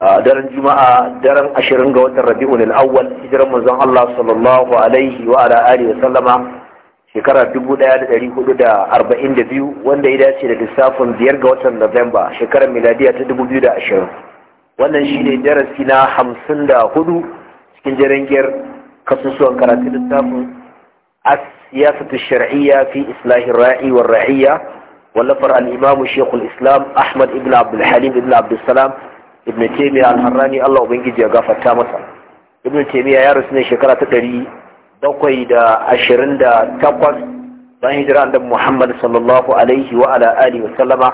a daren juma'a daren ashirin ga watan rabi'un al hijiran manzon Allah sallallahu alaihi wa ala alihi wa sallama shekara 1442 wanda ya dace da lissafin biyar ga watan November shekarar miladiya ta 2020 wannan shine darasi na 54 cikin jarangiyar kasusuwan karatun lissafin السياسة الشرعية في إصلاح الراعي والرعية ولفر الإمام شيخ الإسلام أحمد بن عبد الحليم بن عبد السلام ibn taymiya al-harrani Allah ubangiji ya gafarta masa ibn taymiya ya rasu ne shekara ta ɗari bakwai da ashirin da takwas bayan hijira annabi Muhammad sallallahu alaihi wa ala alihi wa sallama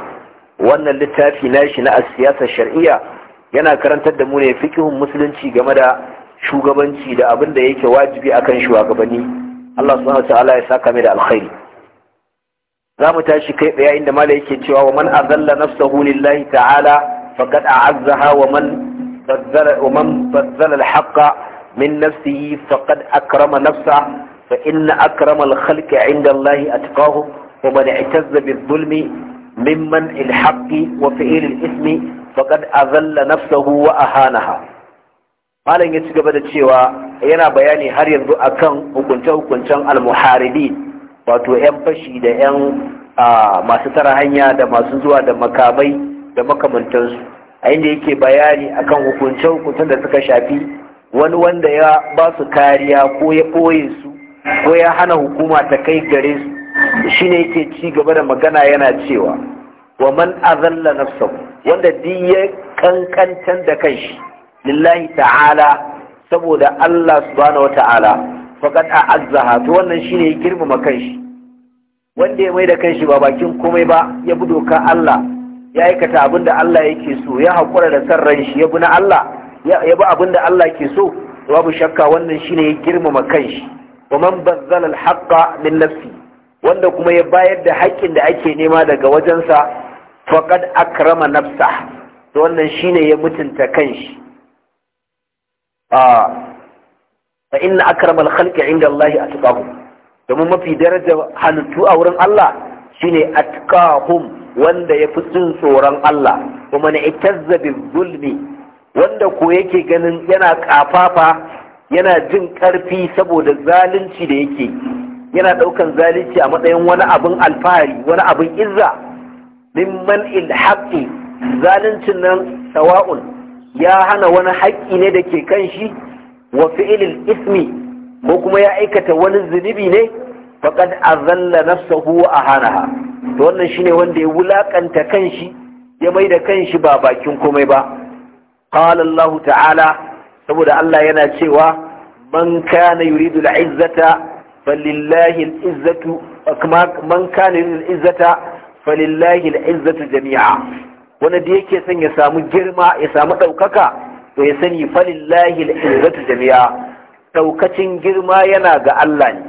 wannan littafi na shi na siyasar shar'iyya yana karantar da mu ne fikihun musulunci game da shugabanci da abin da yake wajibi akan shugabanni Allah subhanahu wa ta'ala ya saka mai da alkhairi za mu tashi kai tsaye inda mala yake cewa wa man azalla nafsahu lillahi ta'ala فقد أعزها ومن بذل, ومن بذل الحق من نفسه فقد أكرم نفسه فإن أكرم الخلق عند الله أتقاه ومن اعتز بالظلم ممن الحق وفعل الإثم فقد أذل نفسه وأهانها malam ya ci gaba da cewa yana bayani har yanzu akan hukunce-hukuncen almuharibi wato 'yan fashi da 'yan masu tara hanya da masu zuwa da makamai da makamantansu a inda yake bayani a kan hukunce hukuncen da suka shafi wani wanda ya ba su kariya ko ya ɓoye su ko ya hana hukuma ta kai gare su shine yake ci gaba da magana yana cewa wa man azalla nafsahu wanda duk ya kankantar da kanshi lillahi ta'ala saboda Allah subhanahu wata'ala faqad a'azzaha to wannan shine ya girmama kanshi wanda ya mai da kanshi ba bakin komai ba ya bi doka Allah ya aikata abin da Allah yake so ya haƙura da san ran shi ya bi na Allah ya bi abin da Allah ke so babu shakka wannan shine ya girmama kanshi wa man bazzala al min nafsi wanda kuma ya bayar da haƙƙin da ake nema daga wajensa faqad akrama nafsa to wannan ne ya mutunta kanshi ah fa inna akrama al-khalqi inda Allah domin mafi daraja halittu a wurin Allah shine atqahum wanda ya fi jin tsoron Allah kuma na ikazza bil zulmi wanda ko yake ganin yana kafafa yana jin karfi saboda zalunci da yake yana daukan zalunci a matsayin wani abin alfahari wani abin izza mimman haqqi zaluncin nan sawa'un ya hana wani haƙƙi ne da ke kan shi wa fi'ilil ismi ko kuma ya aikata wani zunubi ne faqad azalla nafsahu wa ahanaha to wannan shine wanda ya wulakanta kanshi ya mai da kanshi ba bakin komai ba qala Allah ta'ala saboda Allah yana cewa man kana yuridu al'izzata falillahi al'izzatu izzatu man kana yuridu al'izzata falillahi al'izzatu jami'a wanda da yake son ya samu girma ya samu daukaka to ya sani falillahi al'izzatu jami'a daukacin girma yana ga Allah ne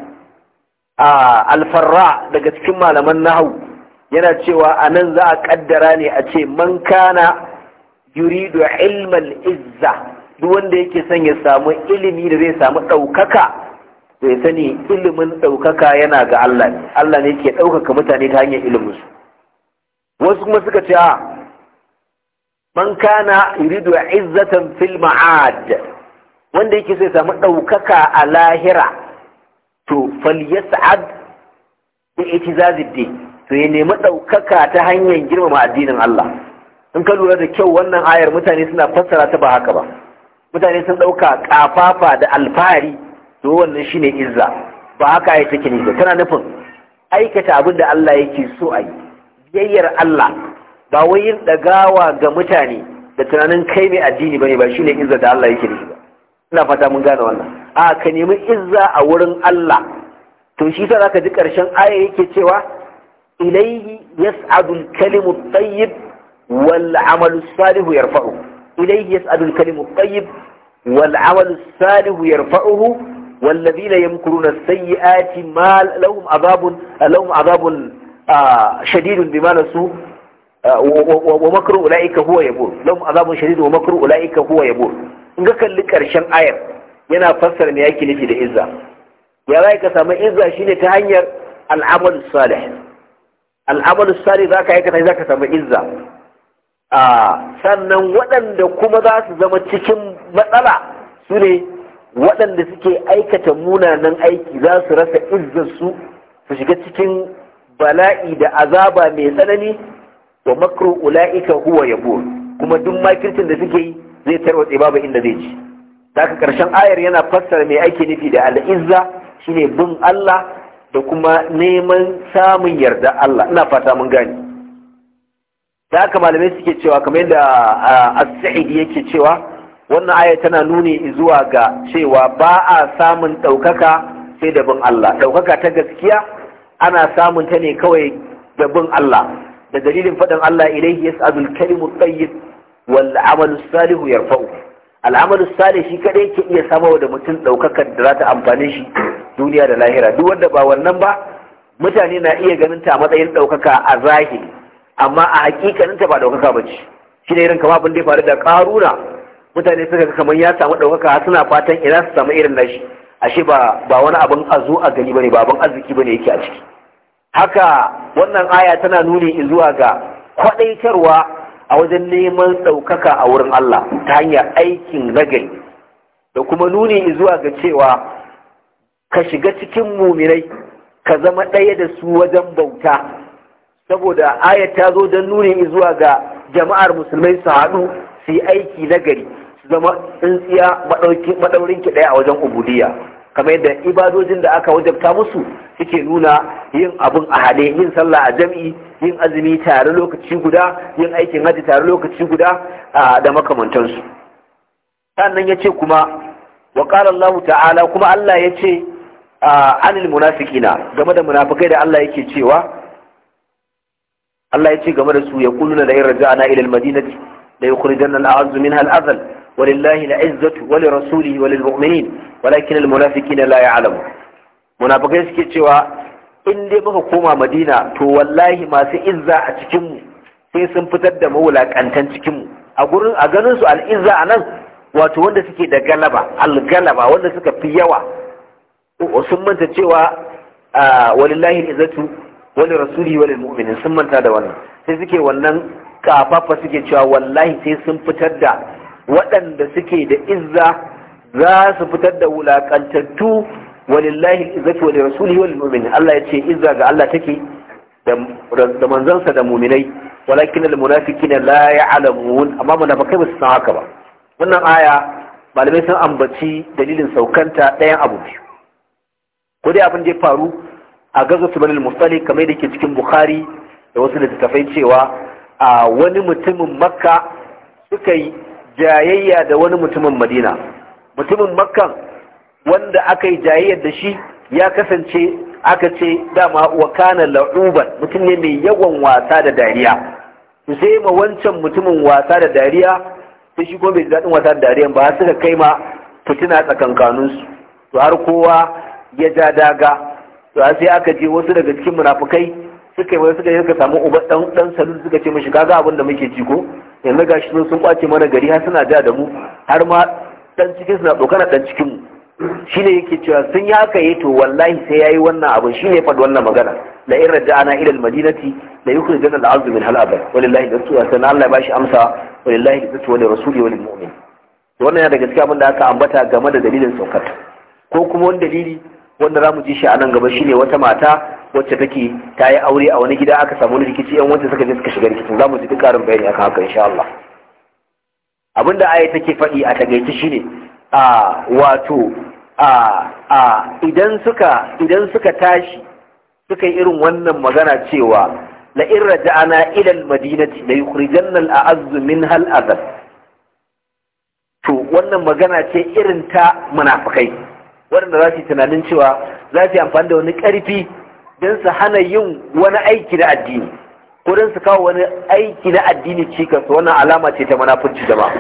a ah, alfarra daga cikin malaman nahau yana cewa a nan za a kaddara ne a ce man kana yuridu ilmal izza duk wanda yake son ya samu ilimi da zai samu ɗaukaka to ya sani ilimin ɗaukaka yana ga Allah ne Allah ne ke ɗaukaka mutane ta hanyar su. wasu kuma suka ce a man kana yuridu izzatan fil ma'ad wanda yake so ya samu ɗaukaka a lahira to falyas'ad bi itizazid din to ya nemi ɗaukaka ta hanyar girmama addinin Allah in ka lura da kyau wannan ayar mutane suna fassara ta ba haka ba mutane sun ɗauka ƙafafa da alfahari to wannan shine izza ba haka ya take ne tana nufin aikata abin da Allah yake so a yi biyayyar Allah ba wai yin ɗagawa ga mutane da tunanin kai mai addini bane ba shine izza da Allah yake da shi ba ina fata mun gane wannan a ka nemi izza a wurin Allah to shi za zaka ji ƙarshen aya yake cewa ilaihi yas'adu al-kalimu at-tayyib wal 'amalu as-salihu yarfa'uhu ilaihi yas'adu al-kalimu والذين يمكرون السيئات ما لهم عذاب لهم عذاب شديد بما نسوا ومكر اولئك هو يبور لهم عذاب شديد ومكر اولئك هو يبور in ka kalli karshen ayar yana fassara me yake nufi da izza ya zai ka samu izza shine ta hanyar al'amal al'amalu sari za ka aikata za ka samu izza sannan waɗanda kuma za su zama cikin matsala su ne waɗanda suke aikata munanan aiki za su rasa izzarsu su shiga cikin bala'i da azaba mai tsanani wa makro ula'ika huwa yabo kuma duk makircin da suke yi zai tarwatse babu inda zai ci daga ƙarshen ayar yana fassara mai aiki nufi da al'izza shine bin Allah da kuma neman samun yarda Allah ina fata mun gani da haka malamai suke cewa kamar yadda as-sa'idi yake cewa wannan aya tana nuni zuwa ga cewa ba a samun ɗaukaka sai da bin Allah ɗaukaka ta gaskiya ana samun ta ne kawai da bin Allah da dalilin faɗin Allah ilaihi yas'alul kalimut tayyib wal amalus salihu yarfa'u al'amalu sale shi kadai yake iya samar da mutum daukakar da za ta amfane shi duniya da lahira duk wanda ba wannan ba mutane na iya ganin ta matsayin daukaka a zahiri amma a hakikanin ta ba daukaka ba ce shi ne irin kamar abin da ya faru da karuna mutane suka kamar ya samu daukaka suna fatan ina su samu irin nashi ashe ba ba wani abin azu a gani bane ba abin arziki bane yake a ciki haka wannan aya tana nuni zuwa ga kwadaitarwa a wajen neman ɗaukaka a wurin Allah ta hanyar aikin nagari da kuma nuni zuwa ga cewa ka shiga cikin mumirai ka zama ɗaya da su wajen bauta saboda ayat ta zo don nuni zuwa ga jama'ar musulmai su haɗu su yi aiki nagari su zama tsintsiya maɗaurin ki ɗaya a wajen ubudiyya kamar yadda ibadojin da aka wajabta musu suke nuna yin abun a hade yin sallah a jam'i yin azumi tare lokaci guda yin aikin haji tare lokaci guda da makamantansu sannan ya ce kuma wa ta'ala kuma Allah ya yace anil munafiqina game da munafikai da Allah yake cewa Allah ya ce game da su ya yaquluna da yin raja'na ila al-madinati la yukhrijanna al-a'azzu minha al-azl walillahi al'izzatu wa lirasulihi wa lilmu'minin walakin almunafiqina la ya'lamun munafikai suke cewa in dai muka koma Madina to wallahi masu izza a cikin mu sai sun fitar da mawulakantan cikin a gurin a anan wato wanda suke da galaba algalaba wanda suka fi yawa sun manta cewa walillahi al'izzatu wani rasuli sun manta da wannan sai suke wannan kafafa suke cewa wallahi sai sun fitar da waɗanda suke da izza za su fitar da wulakantattu walillahi izzatu wa rasulihi wal mu'minin Allah ya ce izza ga Allah take da manzansa da muminai walakin al munafiqina la ya'lamun amma munafiqai ba su san haka ba wannan aya malamai sun ambaci dalilin saukanta ɗayan abu biyu ko dai abin da ya faru a gazo su banil mustali kamar da ke cikin bukhari da wasu littattafai cewa a wani mutumin makka suka yi jayayya da wani mutumin madina mutumin makkan wanda aka yi jayayyar da shi ya kasance aka ce dama wa kana la'uban mutum ne mai yawan wasa da dariya sai ma wancan mutumin wasa da dariya sai shi kuma bai daɗin wasa da dariya ba suka kai ma fitina su, to har kowa ya ja daga to sai aka je wasu daga cikin munafukai suka yi suka yi suka samu uban dan dan salu suka ce mishi kaga abin da muke ji ko yanzu ga nan sun kwace mana gari har suna da da mu har ma dan cikin suna dokar dan cikin mu shine yake cewa sun yi haka yi to wallahi sai yayi wannan abin shine fa wannan magana la in raja'ana ila al-madinati la yukhrijana al-'azmu min hal wallahi da tuwa sai Allah ya bashi amsa wallahi da tuwa da rasuli wal mu'min to wannan yana da gaskiya abin da aka ambata game da dalilin saukar ko kuma wani dalili wanda za mu ji shi a nan gaba shine wata mata wacce take ta yi aure a wani gida aka samu wani rikici yan wanda suka je suka shiga rikicin za mu ji duk karin bayani akan haka insha Allah abin da aya take faɗi a tagaici shine a wato a a idan suka idan suka tashi suka yi irin wannan magana cewa la in raja'ana ila al-madinati la yukhrijanna al-a'azzu minha al-adhab to wannan magana ce irin ta munafikai waɗanda za su yi tunanin cewa za su yi amfani da wani ƙarfi don su hana yin wani aiki na addini ko don su kawo wani aiki na addini cikas wannan alama ce ta manafurci jama'a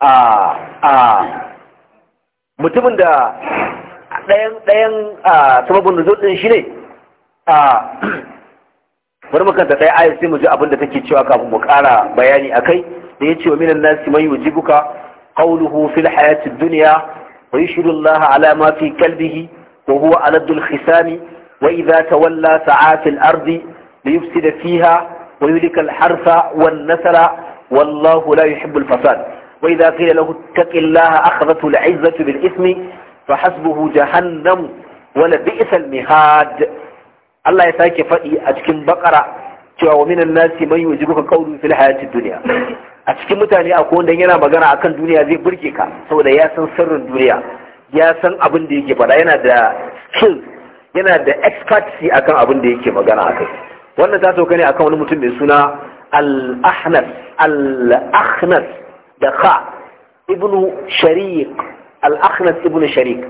a a mutumin da ɗayan ɗayan a sababin da ɗin shi ne a bari mu ɗaya ayar sai mu ji abin da take cewa kafin mu ƙara bayani akai da ya ce wa minan nasi man yujibuka qawluhu fil hayati dunya ويشهد الله على ما في كلبه وهو ألد الخسام وإذا تولى سعى في الأرض ليفسد فيها ويهلك الحرث والنسل والله لا يحب الفساد وإذا قيل له اتق الله أخذته العزة بالإثم فحسبه جهنم ولبئس المهاد الله يساك فأي أجكم بقرة cewa wa minan nasi man yujibuka qawlu fil hayatid dunya a cikin mutane akwai wanda yana magana akan duniya zai burge ka saboda ya san sirrin duniya ya san abin da yake faɗa yana da skills, yana da expertise akan abin da yake magana akai wannan ta sauka ne akan wani mutum mai suna al-ahnas al-ahnas da kha ibnu shariq al-ahnas ibnu shariq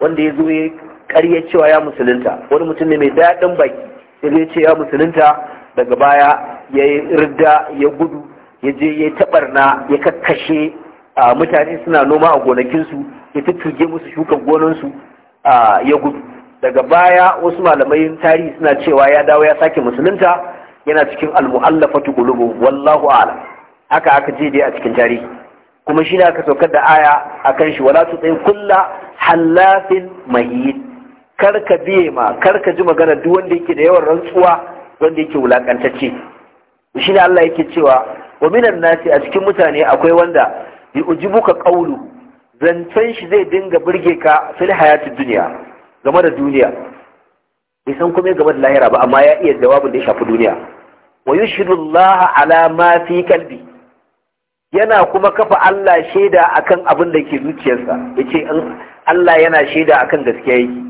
wanda ya zo ya karya cewa ya musulunta wani mutum ne mai daɗin baki ya ce ya musulunta daga baya ya yi ya gudu ya je ya tabarna ya kakkashe mutane suna noma a gonakinsu ya tuttuge musu shukan gonansu ya gudu daga baya wasu malamai tarihi suna cewa ya dawo ya sake musulunta yana cikin almu'allafatu qulubu wallahu a'lam haka aka je dai a cikin tarihi kuma shi ne aka saukar da aya akan shi wala tutai kulla halafin mahin karka biye ma karka ji magana duk wanda yake da yawan rantsuwa wanda yake wulakantacce shi ne Allah yake cewa wa minan nasi a cikin mutane akwai wanda uji ujibuka qawlu zancen shi zai dinga burge ka fil hayatid duniya game da duniya bai san kuma game da lahira ba amma ya iya jawabin da ya shafi duniya wa yushhidu Allah ala ma fi kalbi yana kuma kafa Allah shaida akan abin da ke zuciyarsa yace in Allah yana shaida akan gaskiya yake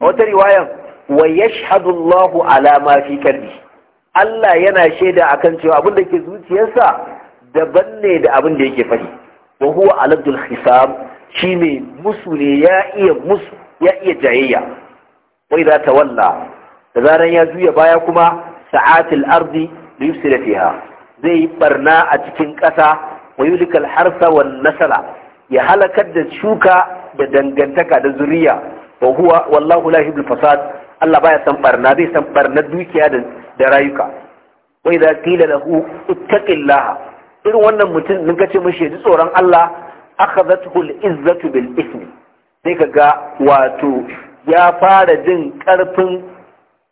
a wata riwayan wa yashhadu Allahu ala ma fi qalbi Allah yana shaida akan cewa abin da ke zuciyarsa daban ne da abin da yake faɗi wa huwa aladul hisab shi ne musu ne ya iya musu ya iya jayayya wai za ta walla da zaran ya juya baya kuma sa'atil ardi da yusira fiha zai yi barna a cikin ƙasa wa yulikal harsa wa nasala ya halakar da shuka da dangantaka da zuriya wa huwa wallahu la yuhibbul fasad Allah baya san barna zai san barna dukiya da rayuka wa idza qila lahu ittaqillaha irin wannan mutum mun kace mishi ji tsoron Allah akhadathu al-izzatu bil ismi sai kaga wato ya fara jin karfin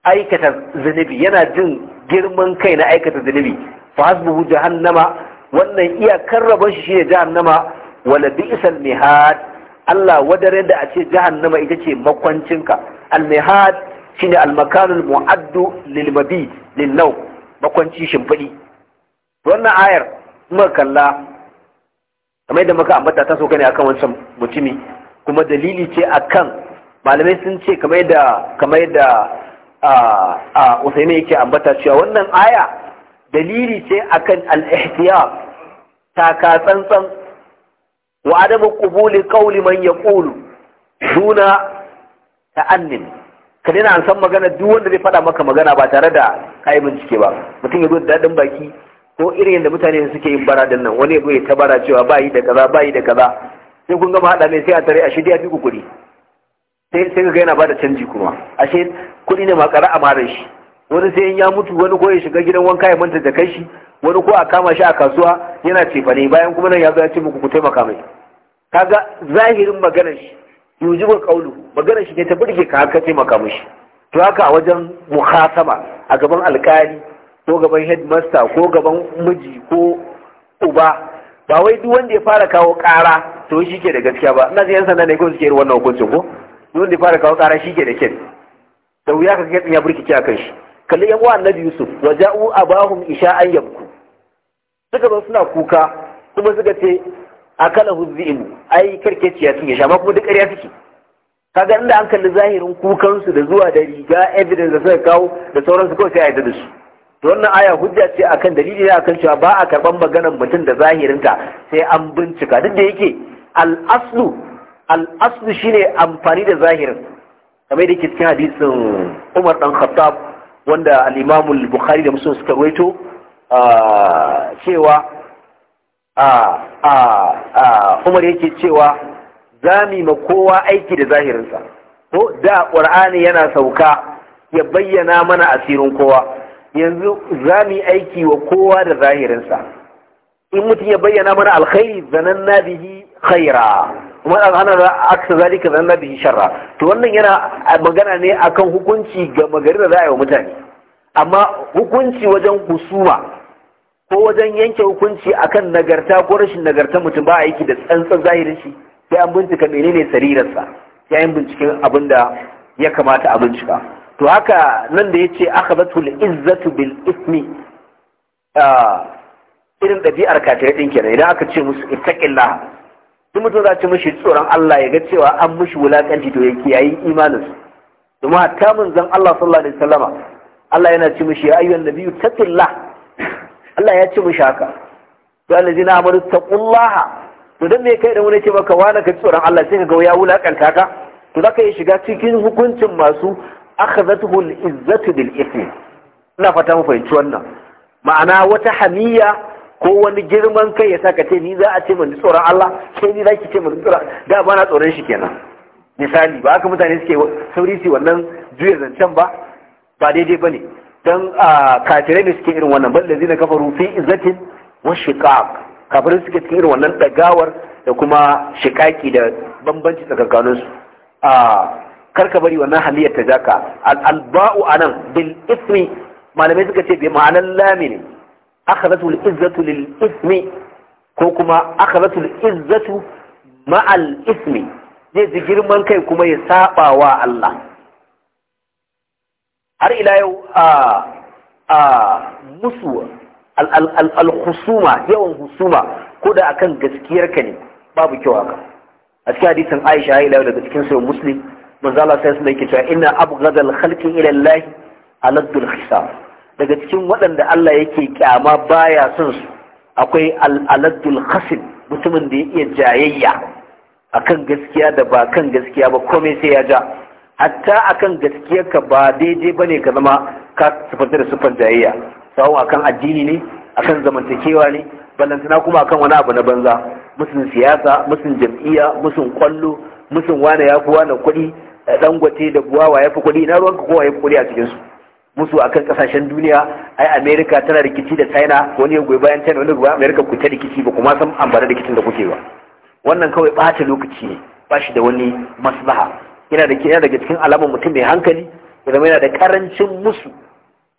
aikata zunubi yana jin girman kai na aikata zunubi fa hasbu jahannama wannan iyakar rabon shi shine jahannama wala bi'sal mihad Allah wadare da a ce jahannama ita ce makwancinka al-mihad shine al mu'addu lil mabit lil naw bakwanci shimfidi wannan ayar muka kalla kamar yadda muka ambata ta so ne akan wancan mutumi kuma dalili ce akan malamai sun ce kamar yadda kamar yadda a a Usaini yake ambata cewa wannan aya dalili ce akan al-ihtiyar taka tsantsan wa adamu qubuli qawli man yaqulu duna ta'annin ka daina an san magana duk wanda zai faɗa maka magana ba tare da kayi bincike ba mutum ya zo da daɗin baki ko irin yadda mutane suke yin bara din nan wani ya ta bara cewa ba yi da kaza ba yi da kaza sai kun gama haɗa mai sai a tare a shirya fi kuɗi sai sai ga yana ba canji kuma ashe kuɗi ne makara a mara shi wani sai ya mutu wani ko ya shiga gidan wanka ya manta da kai shi wani ko a kama shi a kasuwa yana cefane bayan kuma nan ya zo ya ce muku ku taimaka mai kaga zahirin maganar shi yujibu kaulu magana shi ne ta burge ka haka taimaka to haka a wajen muhasaba a gaban alkali ko gaban headmaster ko gaban miji ko uba ba wai duk wanda ya fara kawo ƙara to shi ke da gaskiya ba ina yan sanda ne ko suke wannan hukuncin ko duk wanda ya fara kawo ƙara shi ke da kyan da wuya ka ga ya burkice a kan shi kalli yan uwa annabi yusuf wa ja'u abahum isha'an yabku suka zo suna kuka kuma suka ce akala dhi'bu ai karkeciya sun ya sha kuma duk ƙarya suke kaga inda an kalli zahirin kukansu da zuwa da riga evidence da suka kawo da sauransu kawai sai a yadda da su to wannan aya hujja ce akan dalili ne akan cewa ba a karban maganar mutum da zahirinta sai an bincika duk da yake al-aslu shine amfani da zahirin kamar da ke cikin hadisin Umar dan Khattab wanda al-Imam bukhari da Muslim suka Waito ah, cewa a a a umar yake cewa zami ma kowa aiki da zahirinsa to da qur'ani yana sauka ya bayyana mana asirin kowa yanzu zami aiki wa kowa da zahirinsa in mutum ya bayyana mana alkhairi zananna bihi khaira kuma hana da aka zalika zananna bihi sharra to wannan yana magana ne akan hukunci ga magari da za a yi wa mutane amma hukunci wajen husuma ko wajen yanke hukunci a kan nagarta ko rashin nagarta mutum ba a yake da tsantsan zahirin shi sai an bincika menene sarirarsa yayin binciken abin da ya kamata a bincika to haka nan da yace akhadatul izzatu bil ismi irin ɗabi'ar kafirai ɗin kenan idan aka ce musu ittaqillah duk mutum za ci mushi tsoron Allah ya ga cewa an mushi wulakanci to ya kiyayi imaninsu domin hatta zan Allah sallallahu alaihi wasallama Allah yana ce mishi ya ayyuhan nabiyyu taqillah Allah ya ce mu shaka to zina amaru taqullaha to dan me kai da wani ce maka wani ka tsoron Allah sai ka ga ya wulakanta ka to zaka yi shiga cikin hukuncin masu akhadathu al-izzatu bil ithm ina fata mu fahimci wannan ma'ana wata hamiya ko wani girman kai ya saka ce ni za a ce mun tsoron Allah sai ni zaki ce mun tsoron da ba na tsoron shi kenan misali ba haka mutane suke sauri su wannan juya zancen ba ba daidai bane dan kafirai ne suke irin wannan bal rufi kafaru fi izzatin wa shiqaq kafirai suke cikin irin wannan dagawar da kuma shiqaqi da bambanci tsakankanin su a karka bari wannan haliyar ta jaka al alba'u anan bil ismi malamai suka ce bi ma'anan lamini akhadhatu al izzatu lil ismi ko kuma akhadhatu al izzatu ma'al ismi zai ji girman kai kuma ya saɓa wa Allah har ila yau a musu al-husuma yawan husuma ko da akan gaskiyar ka ne babu kyau haka a cikin hadisin Aisha ila yau daga cikin sai Muslim manzo Allah sai sun yake cewa inna abghadal khalqi ila Allah aladul hisab daga cikin waɗanda Allah yake kyama baya son su akwai al-aladul mutumin da ya iya jayayya akan gaskiya da ba kan gaskiya ba komai sai ya ja hatta akan gaskiyarka ba daidai ba ne ka zama ka sufanta da sufan jayayya a akan addini ne akan zamantakewa ne ballantana kuma akan wani abu na banza musun siyasa musun jam'iyya musun kwallo musun wane ya fi wane kuɗi eh, dangote da buwawa ya fi kuɗi ina ruwan kowa ya fi kuɗi a cikinsu musu akan kasashen duniya ai america tana rikici da china wani goyi bayan china wani goyi america ku ta rikici ba kuma san amfani rikicin da kuke ba wannan kawai ɓata lokaci ne ba shi da wani maslaha yana da yana daga cikin alamar mutum mai hankali ya yana da karancin musu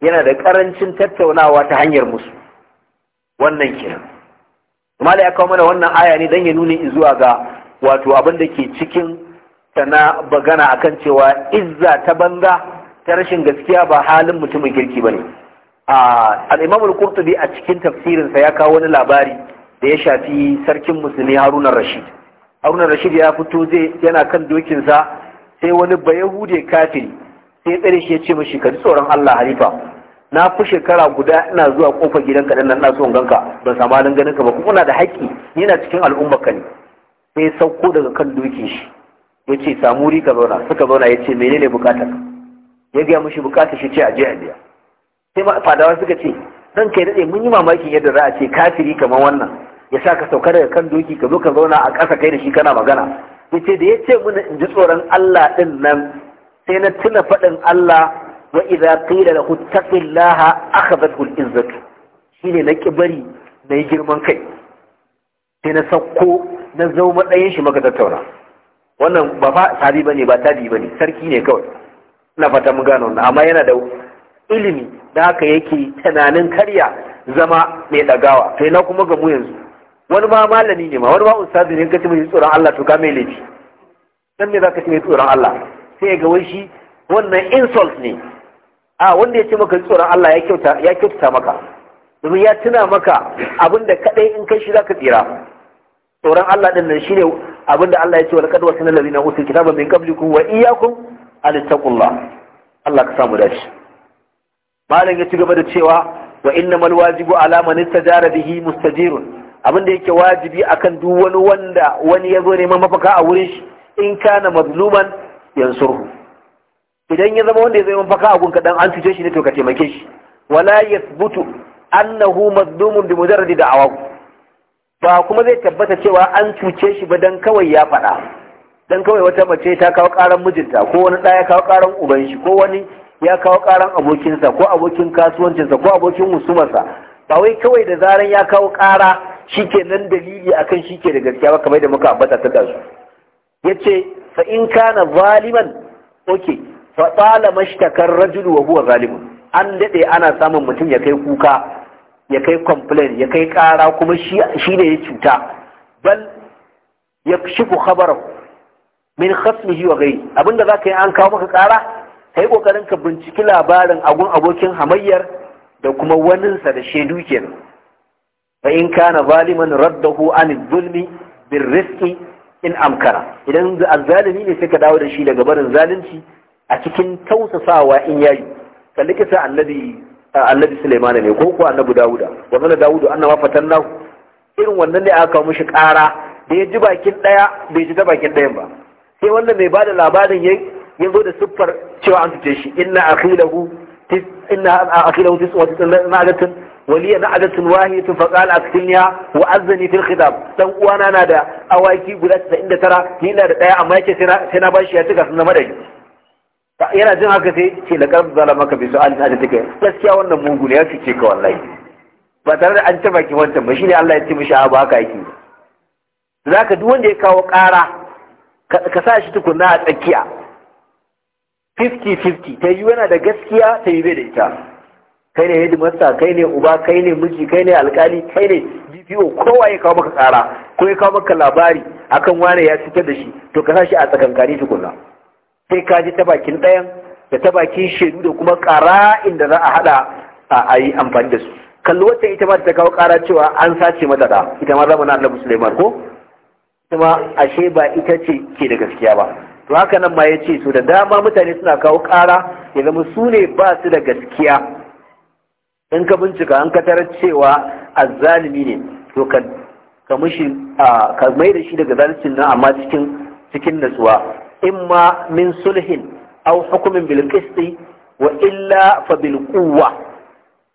yana da karancin tattaunawa ta hanyar musu wannan kenan da ya kawo mana wannan aya ne dan ya nuni zuwa ga wato abin da ke cikin ta na bagana akan cewa izza ta banza ta rashin gaskiya ba halin mutumin kirki bane al-imam al-qurtubi a cikin tafsirin sa ya kawo wani labari da ya shafi sarkin musulmi haruna rashid haruna rashid ya fito zai yana kan dokinsa sai wani ba bayahude kafiri sai tsare shi ya ce mashi ka tsoron Allah halifa na fi shekara guda ina zuwa kofar gidanka dan nan na so ganka ban samu halin ganin ka ba kuma na da haƙƙi na cikin al'umma ka ne sai sauko daga kan dokin shi ya ce samu rika zauna suka zauna ya ce menene bukatar ya gaya mashi bukatar shi ce a je a biya sai ma fadawa suka ce dan kai daɗe mun yi mamakin yadda za a ce kafiri kamar wannan ya sa ka sauka daga kan doki ka zo ka zauna a ƙasa kai da shi kana magana yace da ya ce mana in ji tsoron Allah din nan sai na tuna faɗin Allah wa idza qila lahu taqillaha akhadhathu al Shi shine na kibari na girman kai sai na sakko na zo matsayin shi maka tattauna wannan ba fa sabi bane ba tabi bane sarki ne kawai na fata mun gano wannan amma yana da ilimi da haka yake tunanin karya zama mai ɗagawa, sai na kuma ga mu yanzu wani ma malami ne ma wani ma ustazi ne kace mai tsoron Allah to ka mai laifi dan me zaka ce mai tsoron Allah sai ga wai shi wannan insult ne a wanda ya ce maka tsoron Allah ya kyauta ya kyauta maka domin ya tuna maka abinda kadai in kai shi zaka tsira tsoron Allah din nan shine abinda Allah ya ce wal qad wasana allazina utul kitaba min qablikum wa iyyakum an taqullah Allah ka samu dashi malam ya ci gaba da cewa wa innamal wajibu ala man istajara bihi mustajirun abin da yake wajibi akan duk wani wanda wani ya zo neman mafaka a wurin shi in kana mazluman yansurhu idan ya zama wanda ya zo mafaka a gunka dan an cuce shi ne to ka taimake shi wala yathbutu annahu mazlumun bi mujarradi da'awahu ba kuma zai tabbata cewa an cuce shi ba dan kawai ya faɗa dan kawai wata mace ta kawo karan mijinta ko wani ɗaya kawo karan uban shi ko wani ya kawo karan abokinsa ko abokin kasuwancinsa ko abokin musumarsa ba wai kawai da zaran ya kawo ƙara ke nan dalili akan ke da gaskiya ba kamar da muka ambata ta Ya ce fa in kana zaliman oke. fa tsala mashtakar rajulu wa huwa zalimun an daɗe ana samun mutum ya kai kuka ya kai complain ya kai ƙara kuma shi ne ya cuta bal ya yakshifu khabarahu min khasmihi wa gai abinda zaka yi an kawo maka ƙara kai ƙoƙarin ka binciki labarin agun abokin hamayyar da kuma waninsa da shaidu kenan fa in kana zaliman raddahu an zulmi bin rizqi in amkana idan zalimi ne suka dawo da shi daga barin zalunci a cikin tausasawa in yayi kalli kisa annabi annabi Sulaiman ne ko ko annabi Dawuda wannan Dawudu annama fatannahu irin wannan ne aka kawo mishi ƙara da ya ji bakin ɗaya bai ji ta bakin ɗayan ba sai wanda mai bada labarin ya zo da siffar cewa an fice shi inna akhilahu إنها أخذه تسعة وتسعين نعجة ولي نعجة واهية فقال أكتلنها وأذني في الخطاب دان وانا نادا أوايكي قلت سعند ترى هنا دقايا أما يكي سنا سنة مرج yana jin haka sai ce da karfi zala maka bi su'alin hada take gaskiya wannan mugu ne ya fice ka wallahi ba tare da an taba ki wancan ba shine Allah ya ce a ba zaka duk wanda ya kawo kara ka sa shi tukunna a tsakiya 50-50 ta yi yana da gaskiya ta yi bai da ita kai ne hedimasta kai ne uba kai ne miji kai ne alkali kai ne dpo kowa ya kawo maka tsara ko ya kawo maka labari akan wane ya fitar da shi to ka sashi a tsakankani tukuna sai ka ji ta bakin ɗayan da ta bakin shaidu da kuma ƙara inda za a haɗa a yi amfani da su kallo wacce ita ma ta kawo ƙara cewa an sace mata da ita ma zamanin annabi suleiman ko kuma ashe ba ita ce ke da gaskiya ba to haka nan ma ya ce su da dama mutane suna kawo ƙara ya zama su ne ba su da gaskiya in ka bincika an ka tarar cewa azzalimi ne to ka mushi ka da shi daga zalicin nan amma cikin cikin In ma min sulhin aw hukumin bil qisti wa illa fa bil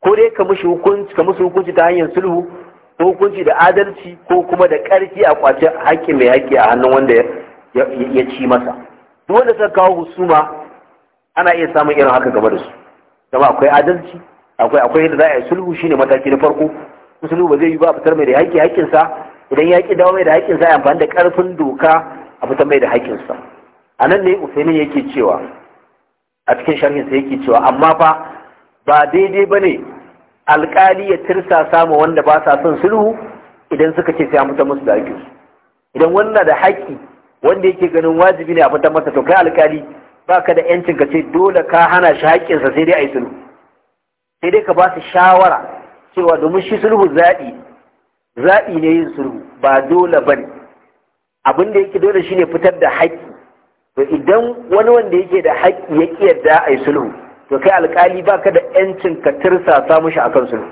ko dai ka mushi hukunci ka musu hukunci ta hanyar sulhu ko hukunci da adalci ko kuma da ƙarfi a kwace haƙƙi mai haƙƙi a hannun wanda ya ci masa duk wanda suka kawo husuma ana iya samun irin haka game da su kuma akwai adalci akwai akwai yadda za a yi sulhu shine mataki na farko sulhu ba zai yi ba a fitar mai da haƙƙi haƙƙinsa idan ya ƙi dawo mai da haƙƙinsa ya amfani da ƙarfin doka a fitar mai da haƙƙinsa a nan ne usaini yake cewa a cikin sharhinsa yake cewa amma fa ba daidai ba ne alƙali ya tirsa samu wanda ba sa son sulhu idan suka ce sai an fitar musu da haƙƙinsu idan wannan da haƙƙi wanda yake ganin wajibi ne a fitar masa to kai alkali baka da yancin ka ce dole ka hana shi haƙƙinsa sai dai a yi sulhu sai dai ka ba su shawara cewa domin shi sulhu zaɓi zaɓi ne yin sulhu ba dole ba ne abin da yake dole shine fitar da haƙƙi to idan wani wanda yake da haƙƙi ya ƙi yadda a yi sulhu to kai alkali baka da yancin ka tirsasa mishi akan sulhu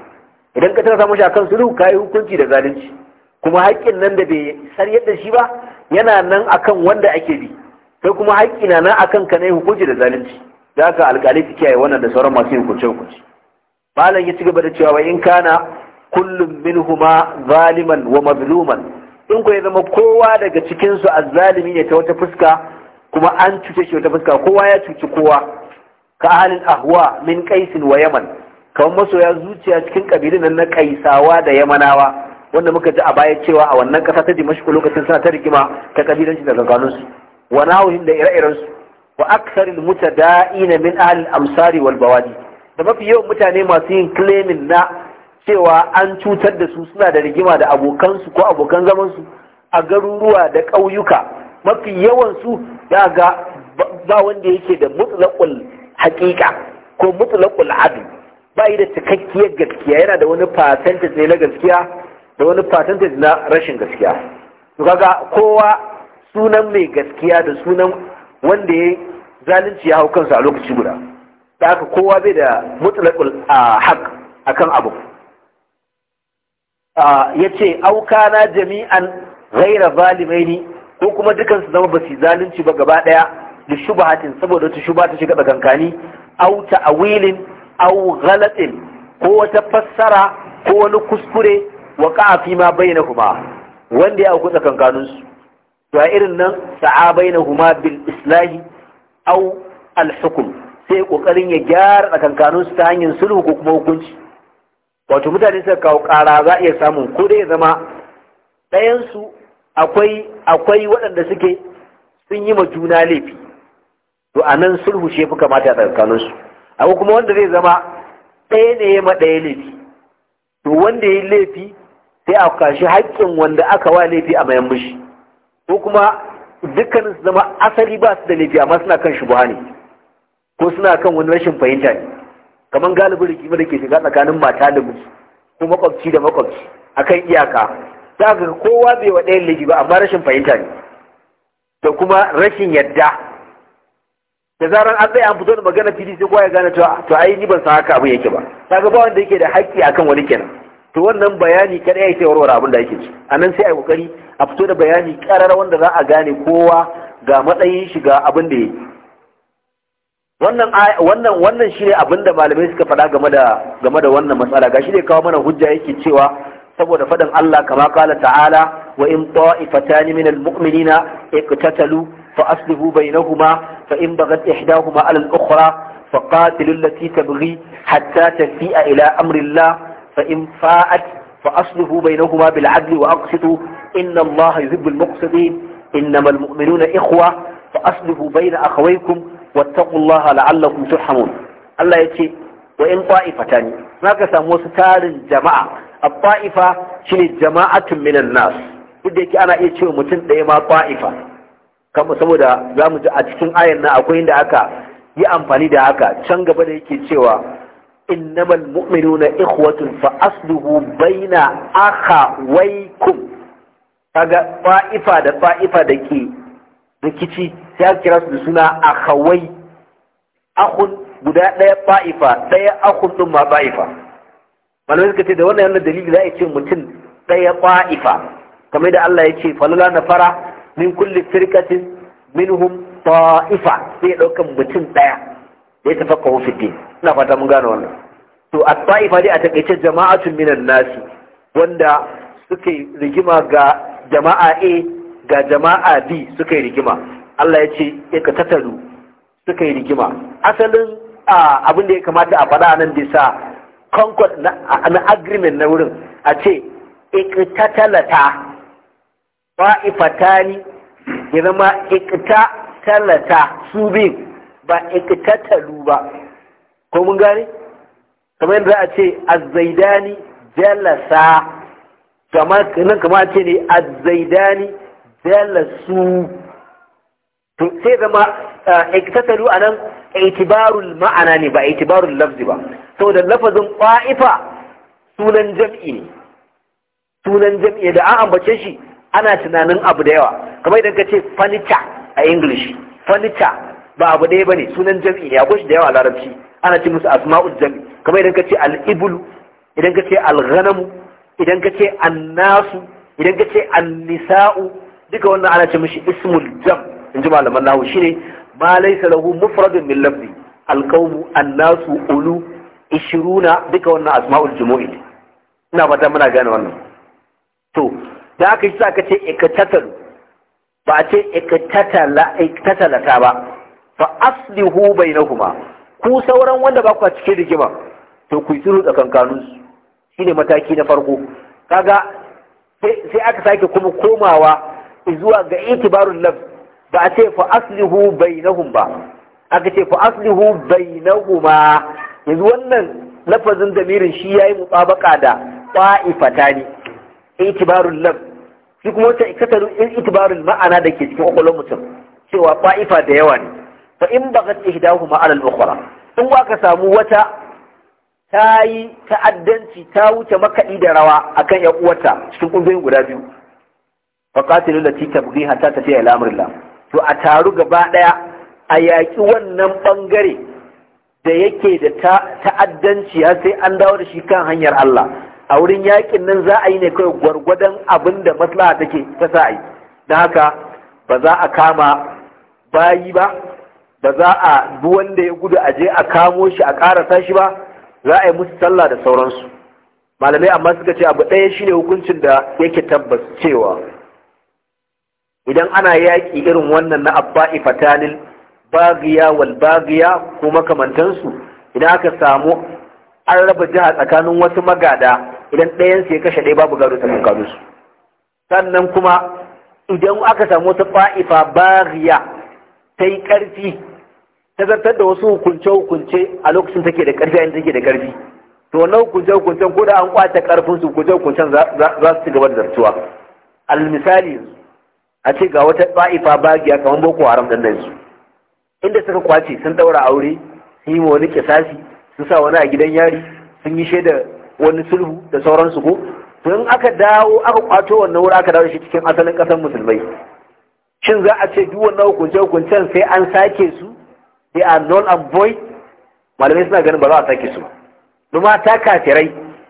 idan ka tirsasa mishi akan sulhu ka yi hukunci da zalunci kuma haƙƙin nan da bai sar yadda shi ba yana nan akan wanda ake bi sai kuma haƙƙi na nan akan ka ne hukunci da zalunci da haka alƙali kiyaye wannan da sauran masu hukunce hukunci malam ya ci gaba da cewa in kana kullum minhuma zaliman wa mazluman in ku ya zama kowa daga cikin su azzalimi ne ta wata fuska kuma an cuce shi wata fuska kowa ya cuci kowa ka halin ahwa min kaisin wa yaman kamar masoya zuciya cikin kabilin nan na kaisawa da yamanawa wanda muka ji a baya cewa a wannan kasa ta dimashku lokacin suna ta rigima ta kabilanci da tsakaninsu wa nahuhin da ire-irensu wa aksaril na min ahalin amsari wal bawadi da mafi yawan mutane masu yin claiming na cewa an cutar da su suna da rigima da abokansu ko abokan zamansu a garuruwa da ƙauyuka mafi yawansu ya ga ba wanda yake da mutlaqul haƙiƙa ko mutlaqul adu ba yi da cikakkiyar gaskiya yana da wani fasanta ne na gaskiya da wani patented na rashin gaskiya to kaga kowa sunan mai gaskiya da sunan wanda ya zalunci ya hau kansa a lokaci guda da haka kowa bai da a mutlaqul a kan abu auka na jami'an zalimai ne ko kuma dukan su zama basu zalunci ba gaba daya da shubahatin saboda wata shuba ta shiga da kankani? au ta'awilin au galatin ko wata fassara ko wani kuskure waqa fi ma kuma wanda ya kusa tsakankanin su to a irin nan sa'a bai na kuma bil islahi au al sai kokarin ya gyara tsakankanin su ta hanyar sulhu ko kuma hukunci wato mutane suka kawo kara za a iya samun ko dai ya zama ɗayansu akwai akwai waɗanda suke sun yi ma juna laifi to a nan sulhu shi fi kamata a tsakanin su akwai kuma wanda zai zama ɗaya ne ya ma ɗaya laifi to wanda ya yi laifi sai a kashi haƙƙin wanda aka wa laifi a mayan mushi ko kuma dukkanin su zama asali ba su da laifi amma suna kan shi ne ko suna kan wani rashin fahimta ne kamar galibin rikima da ke shiga tsakanin mata da miji ko makwabci da makwabci akan iyaka za ga kowa bai wa ɗayan laifi ba amma rashin fahimta ne da kuma rashin yadda da zaran an tsaye an fito da magana fili sai kowa ya gane to ai ni ban san haka abu yake ba kaga ba wanda yake da haƙƙi akan wani kenan to wannan bayani kada yake warware abin da yake ci anan sai yi kokari a fito da bayani karar wanda za a gane kowa ga matsayin shi ga abin da yake wannan wannan wannan shine abin da malamai suka faɗa game da game da wannan matsala gashi ne kawo mana hujja yake cewa saboda faɗin Allah kama kala ta'ala wa in ta'ifatani min al-mu'minina iqtatalu fa aslihu bainahuma fa in bagat ihdahuma ala al-ukhra fa qatilu allati tabghi hatta tafi'a ila amri Allah fa in fa'at fa aslihu bainahuma bil adli wa aqsitu inna Allah yuhibbul muqsitin innamal mu'minuna ikhwa fa aslihu baina akhawaykum turhamun Allah yace wa in qa'ifatani zaka samu wasu tarin jama'a abba'ifa shine jama'atun minan nas duk da yake ana iya cewa mutum ɗaya ma kwa'ifa. kamar saboda zamu ji a cikin ayan nan akwai inda aka yi amfani da haka can gaba da yake cewa innamal mu'minuna ikhwatun fa asluhu baina akhawaykum kaga fa'ifa da fa'ifa da ke rikici sai aka da suna akhawai akhun guda ɗaya fa'ifa ɗaya akhun ɗin ma fa'ifa malamai suka ce da wannan yana dalili za a ce mutum ɗaya fa'ifa kamar da Allah ya ce falala na fara min kulli firkatin minhum fa'ifa sai ya ɗaukan mutum ɗaya ya tafa fi din ina fata mun gane wannan to at-ta'ifa dai a takaice jama'atun minan nasi wanda suka yi rigima ga jama'a A ga jama'a B suka yi rigima Allah ya ce ya ka tattaru suka yi rigima asalin abin da ya kamata a faɗa nan bisa concord na agreement na wurin a ce iktatalata fa'ifatani ya zama talata su biyu ba iktatalu ba ko mun gane kamar yadda a ce azzaidani jalasa nan kama ce ne azzaidani jalasu to sai zama iktatalu a nan itibarul ma'ana ne ba itibarul lafzi ba saboda lafazin ƙwa'ifa sunan jam'i ne sunan jam'i da an ambace shi ana tunanin abu da yawa kamar idan ka ce furniture a english furniture ba abu ɗaya bane sunan jam'i ne akwai shi da yawa a larabci ana ce musu asma'ul jam'i kamar idan ka ce al'ibul, idan ka ce al'ghanamu idan ka ce annasu, idan ka ce annisa'u, duka wannan ana ce mishi ismul jam in ji malaman nahu shine ma laysa lahu mufradun min lafzi alqawmu Annasu, ulu ishiruna duka wannan asma'ul jumu'i ina fata muna gane wannan to da aka yi sa ka ce ikatatalu ba a ce ikatatala ta ba fa aslihu bainahuma ku sauran wanda ba ku a cikin rigima to ku yi sulhu tsakankanin su shine mataki na farko kaga sai aka sake kuma komawa zuwa ga itibarul laf ba a ce fa aslihu bainahum ba aka ce fa aslihu bainahuma yanzu wannan lafazin damirin shi yayi mutabaka da qa'ifata ne itibarul laf shi kuma wata ikatar itibarul ma'ana da ke cikin kwakwalwar mutum cewa qa'ifa da yawa ne fa in bagat ma ala al-ukhra in ka samu wata ta yi ta'addanci ta wuce makaɗi da rawa akan ya uwarta cikin kungiyoyin guda biyu fa qatilu lati tabghi hatta tafi ila amrillah to a taru gaba daya a yaƙi wannan bangare da yake da ta'addanci har sai an dawo da shi kan hanyar Allah a wurin yakin nan za a yi ne kawai gwargwadon abin da maslaha take ta sa yi don haka ba za a kama bayi ba ba za a bi wanda ya gudu a je a kamo shi a karasa shi ba za a yi musu sallah da sauransu malamai amma suka ce abu ɗaya shine hukuncin da yake tabbas cewa idan ana yaƙi irin wannan na abba ifatanin bagiya wal bagiya ko makamantansu idan aka samu an raba jiha tsakanin wasu magada idan ɗayansu ya kashe ɗaya babu gado tsakanin su sannan kuma idan aka samu wata fa'ifa bariya ta yi ƙarfi ta zartar da wasu hukunce-hukunce a lokacin take da ƙarfi yayin take da ƙarfi to wannan hukunce-hukuncen ko da an kwace ƙarfin su hukunce-hukuncen za su ci gaba da zartuwa al misali a ce ga wata ɗa'ifa bagiya kamar boko haram ɗan nan su inda suka kwace sun ɗaura aure sun yi wani kisasi sun sa wani a gidan yari sun yi shaida wani sulhu da sauransu ko to in aka dawo aka kwato wannan wuri aka dawo shi cikin asalin ƙasar musulmai shin za a ce duk wannan hukunce-hukuncen sai an sake su they are non and malamai suna ganin ba za a sake su ba ma ta kafirai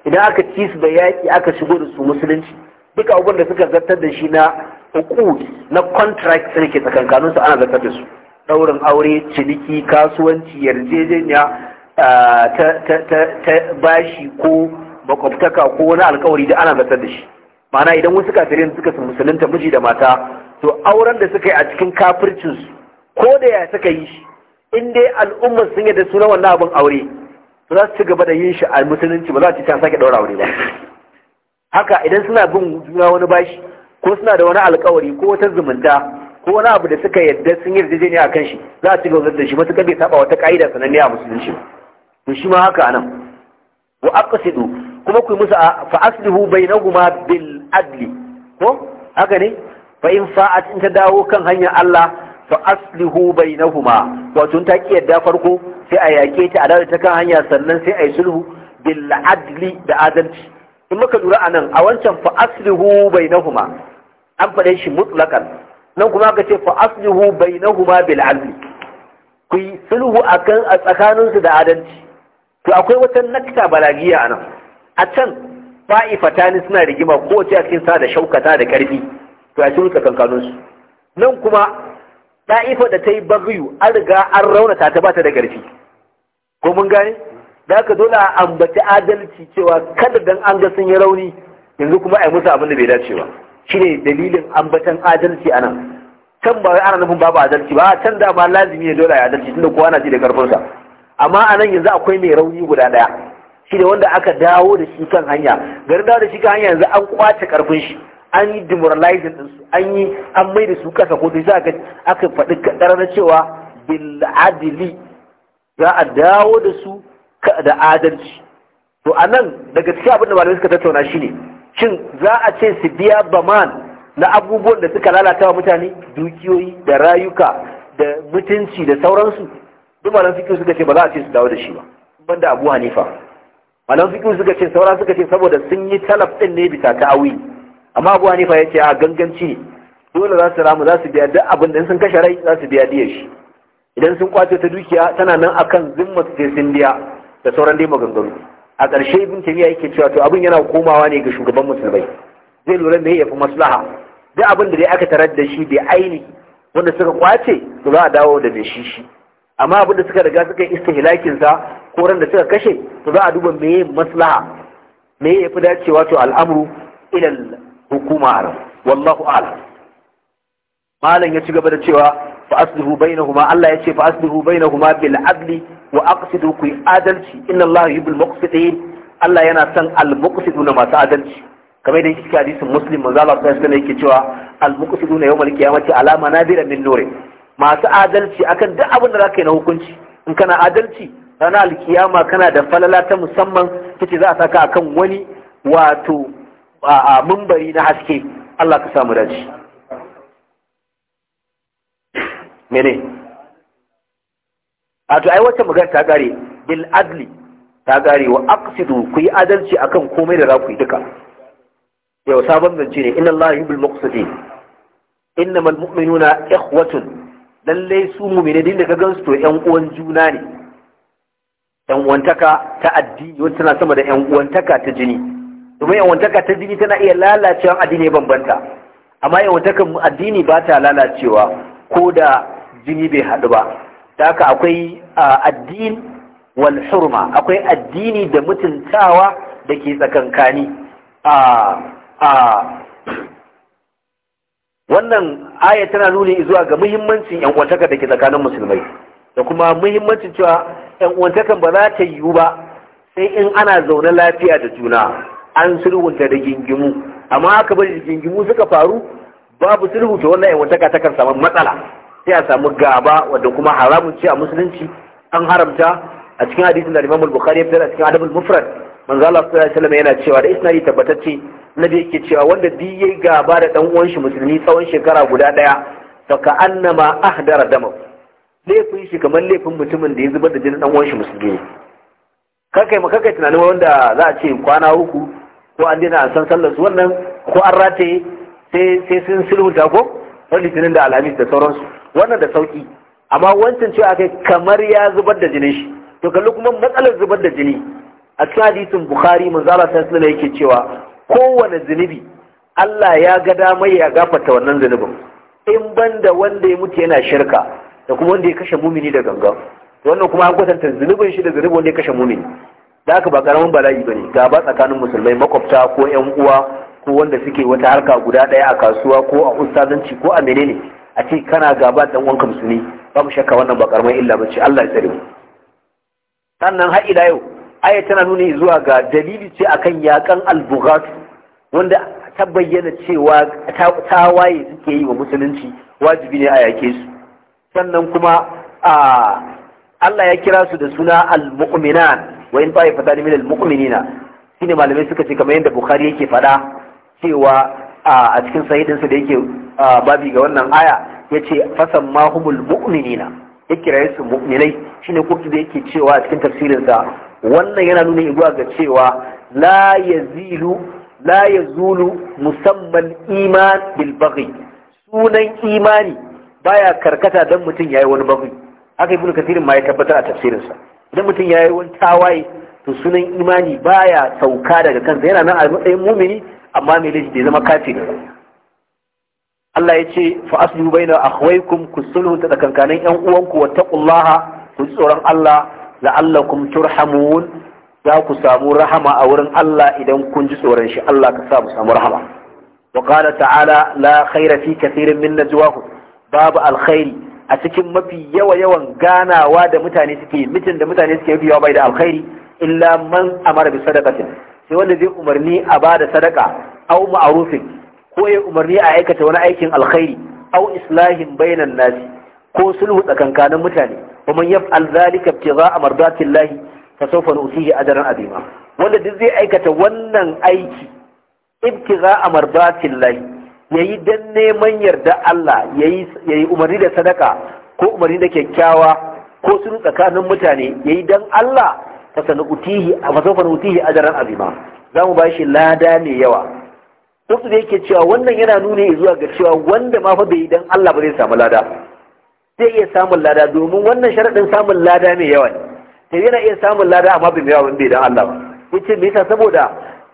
idan aka ci su da yaƙi aka shigo da su musulunci duka abubuwan da suka zartar da shi na uku na contract sun ke tsakankanin su ana zartar da su Ɗaurin aure ciniki kasuwanci yarjejeniya ta bashi ko makwabtaka ko wani alkawari da ana zartar da shi ma'ana idan wasu kafirin suka su musulunta miji da mata to auren da suka yi a cikin kafircinsu ko da ya suka yi shi in dai al'ummar sun yarda suna wannan abin aure su za su ci gaba da yin shi a musulunci ba za su ci sake daura aure ba haka idan suna bin juna wani bashi ko suna da wani alkawari ko wata zumunta ko wani abu da suka yadda sun yi yarjejeniya kan shi za su ci gaba da shi matuƙar bai saba wata ka'ida sananniya a musulunci ba to shi ma haka anan wa aqsidu kuma ku musu fa aslihu bainahuma bil adli ko haka ne fa in fa'at in ta dawo kan hanyar Allah fa aslihu bainahuma wato ta ki yadda farko sai a yake ta alada ta kan hanya sannan sai a yi sulhu bil adli da adalci in muka lura anan a wancan fa aslihu bainahuma an fade shi mutlaqan nan kuma aka ce fa aslihu bainahuma bil adli ku yi sulhu akan a tsakaninsu da adalci to akwai wata nakta balagiya anan a can fatani suna rigima kowace a cikin sa da shaukata da karfi to a sulhu tsakankaninsu nan kuma ɗa'ifa da ta yi bagyu an riga an raunata ta ba ta da ƙarfi ko mun gane da haka dole a ambaci adalci cewa kada dan an ga sun yi rauni yanzu kuma a yi musu abin da bai dace ba shine dalilin ambatan adalci a nan can ba wai ana nufin babu adalci ba can da ma lazimi ne dole a yi adalci tunda kowa na ji da amma a nan yanzu akwai mai rauni guda ɗaya shine wanda aka dawo da shi kan hanya garin dawo da shi kan hanya yanzu an kwace ƙarfin shi an yi demoralizing ɗinsu an yi an mai da su kasa ko sai aka aka faɗi na cewa bil adili za a dawo da su da adalci to a nan, daga cikin abin da malamai suka tattauna shi ne, shin za a ce su biya baman na abubuwan da suka lalata wa mutane dukiyoyi da rayuka da mutunci da sauransu duk malam fikihu suka ce ba za a ce su dawo da shi ba banda abu hanifa malam fikihu suka ce saura suka ce saboda sun yi talaf din ne bisa ta'awili amma abu hanifa ya ce a ganganci ne dole za su ramu za su biya duk abin da sun kashe rai za su biya diyar shi idan sun kwace ta dukiya tana nan akan zimma su sai sun biya da sauran dai maganganu a ƙarshe ibn tamiya yake cewa to abin yana komawa ne ga shugaban musulmai zai lura me fi maslaha duk abin da dai aka tarar da shi bai aini wanda suka kwace to za a dawo da mai shi shi amma abin da suka riga suka iska hilakin sa ko ran da suka kashe to za a duba meye maslaha me fi dacewa to al'amru ilal hukuma a wallahu ala, malam ya ci gaba da cewa fa aslihu bainahuma Allah ya ce fa aslihu bainahuma bil adli wa aqsidu ku adalci inna Allah yuhibbul muqsitin Allah yana son al muqsiduna masu adalci kamar da yake hadisin muslim manzo Allah sallallahu alaihi yake cewa al muqsiduna yawmal qiyamati ala manabira min nur masu adalci akan duk abin da zaka yi na hukunci in kana adalci ranar alkiyama kana da falala ta musamman kace za a saka akan wani wato a mumbari na haske Allah ka samu dace mene a to ai wata magana ta gare bil adli ta gare wa aqsidu ku yi adalci akan komai da za ku yi duka yau sabon zance ne inna Allah yuhibbul muqsitin innamal mu'minuna ikhwatun lalle su mu'mini din da ka gansu to ƴan uwan juna ne ƴan uwantaka ta addini wata tana sama da ƴan uwantaka ta jini domin yawantaka ta jini tana iya lalacewa addini bambanta amma yawantakan addini ba ta lalacewa ko da jini bai haɗu ba ta haka akwai addin wal hurma akwai addini da mutuntawa da ke tsakankani wannan aya tana nuni zuwa ga muhimmancin yan uwantaka da ke tsakanin musulmai da kuma muhimmancin cewa yan uwantakan ba za ta yiwu ba sai in ana zaune lafiya da juna an sulhunta da gingimu amma aka bari da gingimu suka faru babu sulhunta wannan yawantaka takatakar samu matsala sai a samu gaba wadda kuma haramun ce a musulunci an haramta a cikin hadisin da Imam Bukhari ya fitar a cikin Adabul Mufrad manzo Allah sallallahu alaihi wasallam yana cewa da isnadi tabbatacce nabi yake cewa wanda bi yayi gaba da dan uwan shi musulmi tsawon shekara guda daya to ka annama ahdara dama laifin shi kamar laifin mutumin da ya zubar da jinin dan uwan shi musulmi kakai makakai tunanin wanda za a ce kwana uku ko an daina san sallar su wannan ko an rataye sai sai sun sulhunta ko wani litinin da alhamis da sauransu wannan da sauki amma wancan cewa kai kamar ya zubar da jinin shi to kalli kuma matsalar zubar da jini a cikin hadisin bukhari manzo Allah sallallahu yake cewa kowane zunubi Allah ya ga mai ya gafarta wannan zunubin in banda wanda ya mutu yana shirka da kuma wanda ya kashe mumini da gangan to wannan kuma an kwatanta zunubin shi da zunubin wanda ya kashe mumini da haka ba karamin bala'i bane ba tsakanin musulmai makwabta ko yan uwa ko wanda suke wata harka guda daya a kasuwa ko a ustazanci ko a menene a ce kana gaba dan wanka musulmi ba mu shakka wannan ba karamin illa bace Allah ya tsare mu sannan har ila yau aya tana nuni zuwa ga dalili ce akan yakan al wanda ta bayyana cewa tawaye suke yi wa musulunci wajibi ne a yake su sannan kuma a Allah ya kira su da suna al-mu'minan wa in ta'ifatan min al-mu'minina shine malamai suka ce kamar yadda bukhari yake faɗa cewa a cikin sa da yake babi ga wannan aya yace humul mu'minina ya kira su mu'minai shine kurtu da yake cewa a cikin tafsirinsa wannan yana nuna zuwa ga cewa la yazilu la yazulu musamman iman bil baghi sunan imani baya karkata dan mutum yayi wani baghi haka ibnu kasirin ma ya tabbatar a tafsirinsa idan mutum ya yi wani tawaye to sunan imani baya sauka daga kansa yana nan a matsayin mumini amma mai laifi bai zama kafiri Allah ya ce fa aslihu baina akhwaykum kusulhu ta tsakankanin yan uwanku wattaqullaha ku tsoron Allah la'allakum turhamun za ku samu rahama a wurin Allah idan kun ji tsoron shi Allah ka sa mu samu rahama wa qala ta'ala la khayra fi kathirin min najwahum babu alkhairi a cikin mafi yawa yawan ganawa da mutane suke mitin da mutane suke mafi yawa bai da alkhairi illa man amara bi sadaqatin sai wanda zai umarni a bada sadaka aw ma'rufin ko ya umarni a aikata wani aikin alkhairi aw islahin bainan nasi ko sulhu tsakankanin mutane wa man yaf'al zalika ibtigha'a mardatillahi fa sawfa ajran azima wanda duk zai aikata wannan aiki ibtigha'a mardatillahi yayi dan neman yarda Allah yayi yayi umarni da sadaka ko umarni da kyakkyawa ko sun tsakanin mutane yayi dan Allah utihi a ajran azima ba shi lada mai yawa duk da yake cewa wannan yana nuni zuwa ga cewa wanda ma fa bai dan Allah ba zai samu lada zai iya samun lada domin wannan sharaɗin samun lada mai yawa ne sai yana iya samun lada amma bai yawa bai dan Allah ba yace me yasa saboda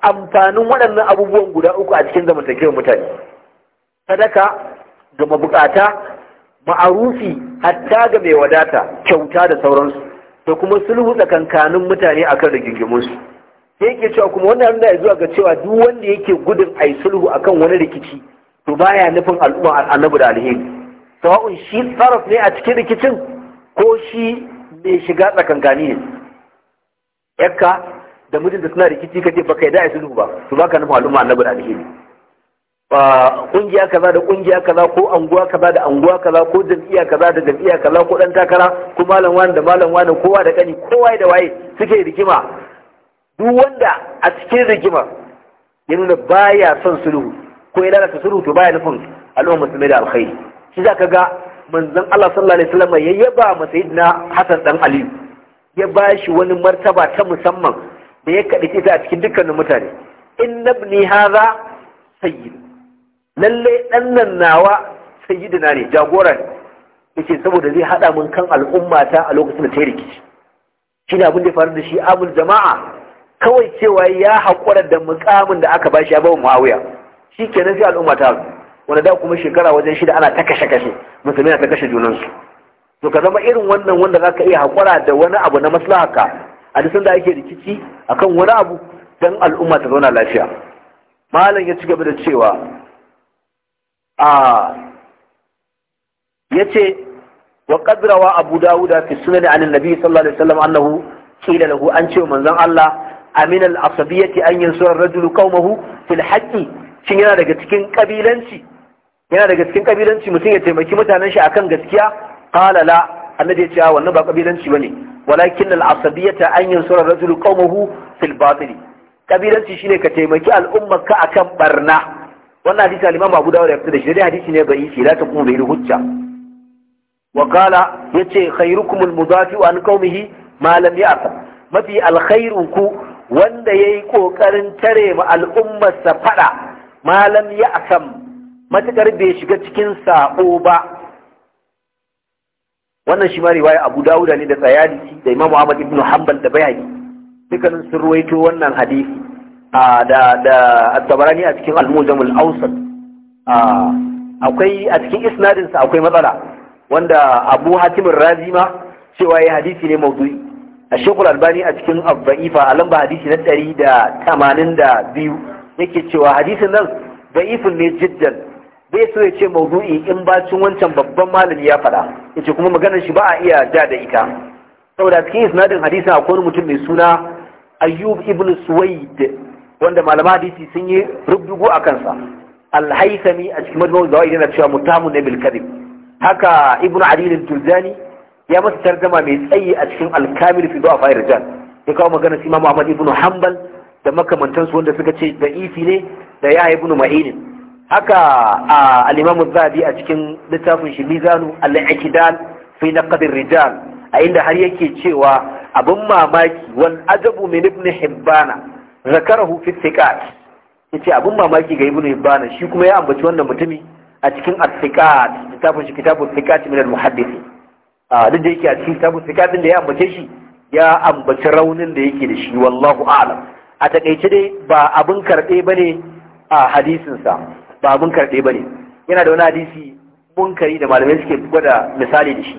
amfanin waɗannan abubuwan guda uku a cikin zamantakewar mutane sadaka ga mabukata ma'arufi hatta ga mai wadata kyauta da sauransu da kuma sulhu tsakankanin mutane a akan rigingimunsu sai yake cewa kuma wannan na ya zuwa ga cewa duk wanda yake gudun ai sulhu akan wani rikici to baya nufin al'umma annabi da alheri sawa'un shi tsaraf ne a cikin rikicin ko shi mai shiga tsakankani ne yakka da mijinta suna rikici kace baka yi da ai sulhu ba to baka nufin al'umma annabi da alheri kungiya kaza da kungiya kaza ko anguwa kaza da anguwa kaza ko jam'iyya kaza da jam'iyya kaza ko dan takara ko malam wani da malam wani kowa da kani kowa da waye suke rigima duk wanda a cikin rigima ya nuna baya son sulhu ko ya lalata sulhu to baya nufin al'umma musulmai da alkhairi shi za ka ga manzon Allah sallallahu alaihi wasallam ya yaba ma sayyidina Hassan dan Ali ya bashi wani martaba ta musamman da ya kadi ta a cikin dukkanin mutane inna ibni hadha sayyid lalle ɗannan nan nawa sayyidina ne jagora ne yake saboda zai haɗa mun kan al'umma ta a lokacin da ta yi rikici Shi abin da ya faru da shi amul jama'a kawai cewa ya haƙura da mukamin da aka ba shi ya bawa muawiya shikenan sai al'umma ta wanda da kuma shekara wajen shida ana ta kashe kashe musulmi na ta kashe junansu to ka zama irin wannan wanda za ka iya haƙura da wani abu na maslahaka a duk da ake rikici akan wani abu don al'umma ta zauna lafiya malam ya ci gaba da cewa yace wa qadrawa abu dawuda fi sunan an annabi sallallahu alaihi wasallam annahu kila lahu an ce manzon Allah amin al asabiyati an yansura rajulu qaumahu fil haqqi shin yana daga cikin kabilanci yana daga cikin kabilanci mutum ya taimaki mutanen shi akan gaskiya qala la annabi ya ce wannan ba kabilanci bane walakin al asabiyata an yansura rajulu qaumahu fil batil kabilanci shine ka taimaki al'ummarka akan barna wannan hadisi al-imam Abu Dawud ya fito da shi dai hadisi ne bai shi la kuma bai hujja wa qala yace khairukum al-mudafi an qaumihi ma lam mafi alkhairu ku wanda yayi kokarin tare ma al'ummarsa sa fada ma lam matakar bai shiga cikin saƙo ba wannan shi ma riwaya Abu Dawud ne da Tsayalisi da Imam Ahmad ibn Hanbal da bayani. dukkanin sun ruwaito wannan hadisi da da tabarani a cikin al-mujamul awsat akwai a cikin isnadin akwai matsala wanda Abu Hatim ar-Razi ma cewa ya hadisi ne mawdu'i Sheikh al-Albani a cikin Abdaifa a lamba hadisi na 182 yake cewa hadisin nan da'ifun ne jiddan bai so ya ce mawdu'i in bacin wancan babban malami ya faɗa yace kuma maganar shi ba a iya ja da ita saboda cikin isnadin hadisi akwai mutum mai suna Ayyub ibn Suwaid wanda malama hadisi sun yi rubdugu a kansa alhaisami a cikin majmu'u zawai yana cewa mutamun ne bil kadhib haka ibn adil tuljani ya masa tarjama mai tsayi a cikin al-kamil fi du'a fa'ir rijal ya kawo magana sima Muhammad ahmad ibn hanbal da makamantansu wanda suka ce da ifi ne da ya ibn ma'in haka a imam zabi zahabi a cikin littafin shi mizanu al-i'tidal fi rijal a inda har yake cewa abin mamaki wal ajabu min ibn hibbana zakarahu fi thiqat yace abun mamaki ga ibnu hibban shi kuma ya ambaci wannan mutumi a cikin at-thiqat kitabun shi thiqat min al-muhaddith a duk da yake a cikin kitabun thiqat din da ya ambace shi ya ambaci raunin da yake da shi wallahu a'lam a takaice dai ba abun karbe bane a hadisin sa ba abun karbe bane yana da wani hadisi munkari da malamai suke gwada misali da shi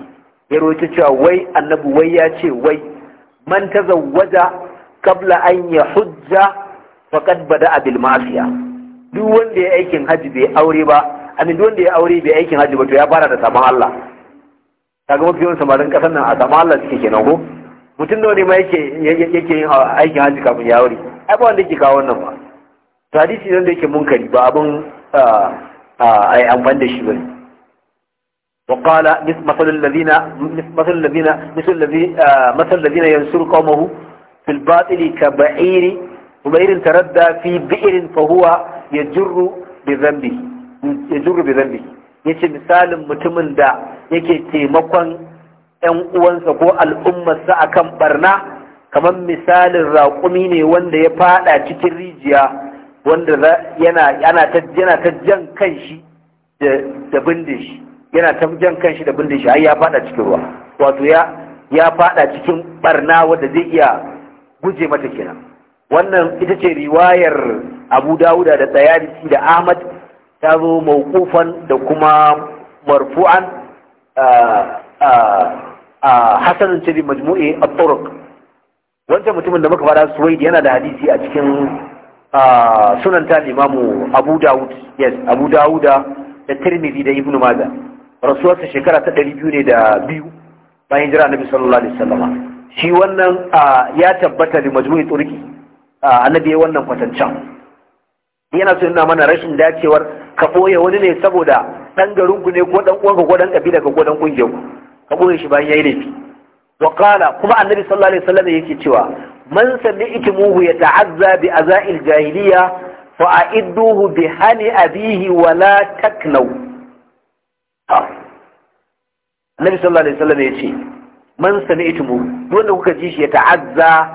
ya rawaito cewa wai annabi wai ya ce wai man tazawwaja kabla an ya hujja faqad bada abin mafiya. duk wanda ya aikin haji bai aure ba amin duk wanda ya aure bai aikin haji ba to ya fara da saman Allah ga mafi yawan samarin ƙasar nan a saman Allah suke kenan ko mutum da wani ma yake yake yin aikin haji kafin ya aure ai ba wanda yake kawo wannan ba to hadisi nan da yake munkari ba abin yi amfani da shi ba. وقال مثل الذين مثل الذين مثل الذين مثل الذين ينصر قومه fil batili ka ba'iri ba'ir taradda fi bi'rin fa huwa yajru yace misalin mutumin da yake taimakon ‘yan uwansa ko al'ummarsa a kan barna kamar misalin raƙumi ne wanda ya faɗa cikin rijiya wanda yana ta jan kanshi da bindin shi yana ta ya cikin ruwa wato ya cikin wadda zai iya guje mata kenan wannan ita ce riwayar abu dawuda da tsayarisi da ahmad ta zo mawkufan da kuma marfu'an a hasanin ciri majmu'i a turuk wancan mutumin da muka fara suwaidi yana da hadisi a cikin sunan ta limamu abu dawud yes abu dawuda da tirmidhi da ibnu maza rasuwarsa shekara ta 200 ne da biyu bayan jira annabi sallallahu alaihi wasallam shi wannan ya tabbata da majmu'i turki annabi ya wannan kwatancan yana so yana mana rashin dacewar ka boye wani ne saboda dan garin ku ne ko dan uwanka ko dan kabila ka ko dan kungiyar ku ka boye shi bayan yayi laifi wa qala kuma annabi sallallahu alaihi wasallam yake cewa man ya yata'azza bi azail jahiliya fa a'idduhu bi hani abihi wa la taknau annabi sallallahu alaihi wasallam yace man sami'tumu wanda kuka ji shi ya ta'azza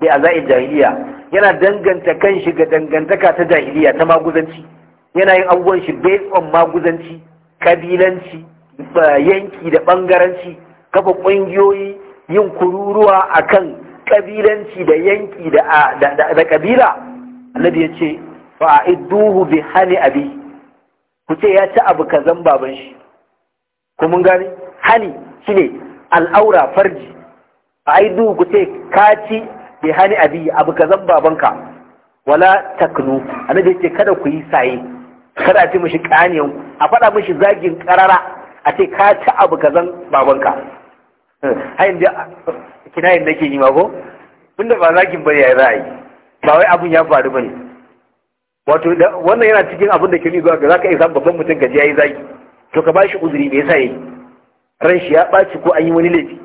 bi azai jahiliya yana danganta kan shi ga dangantaka ta jahiliya ta maguzanci yana yin abubuwan shi based on maguzanci kabilanci yanki da bangaranci kafa kungiyoyi yin kururuwa akan kabilanci da yanki da da kabila annabi ya ce idduhu bi hani abi ku ce ya ci abu kazan baban shi kuma gani hani shine al'aura farji a aidu ku ce kaci bi hani abi abu kazan babanka wala taknu annabi ce kada ku yi saye kada a ce mishi kaniyan a faɗa mishi zagin karara a ce ka ci abu kazan babanka hayin da kinayin nake yi ma ko da ba zagin bari ya za a yi ba wai abun ya faru bane wato wannan yana cikin abin da ke zuwa ga zaka iya samun babban mutum ka ya yi zagi to ka bashi uzuri me yasa yayi ran shi ya ɓaci ko an yi wani laifi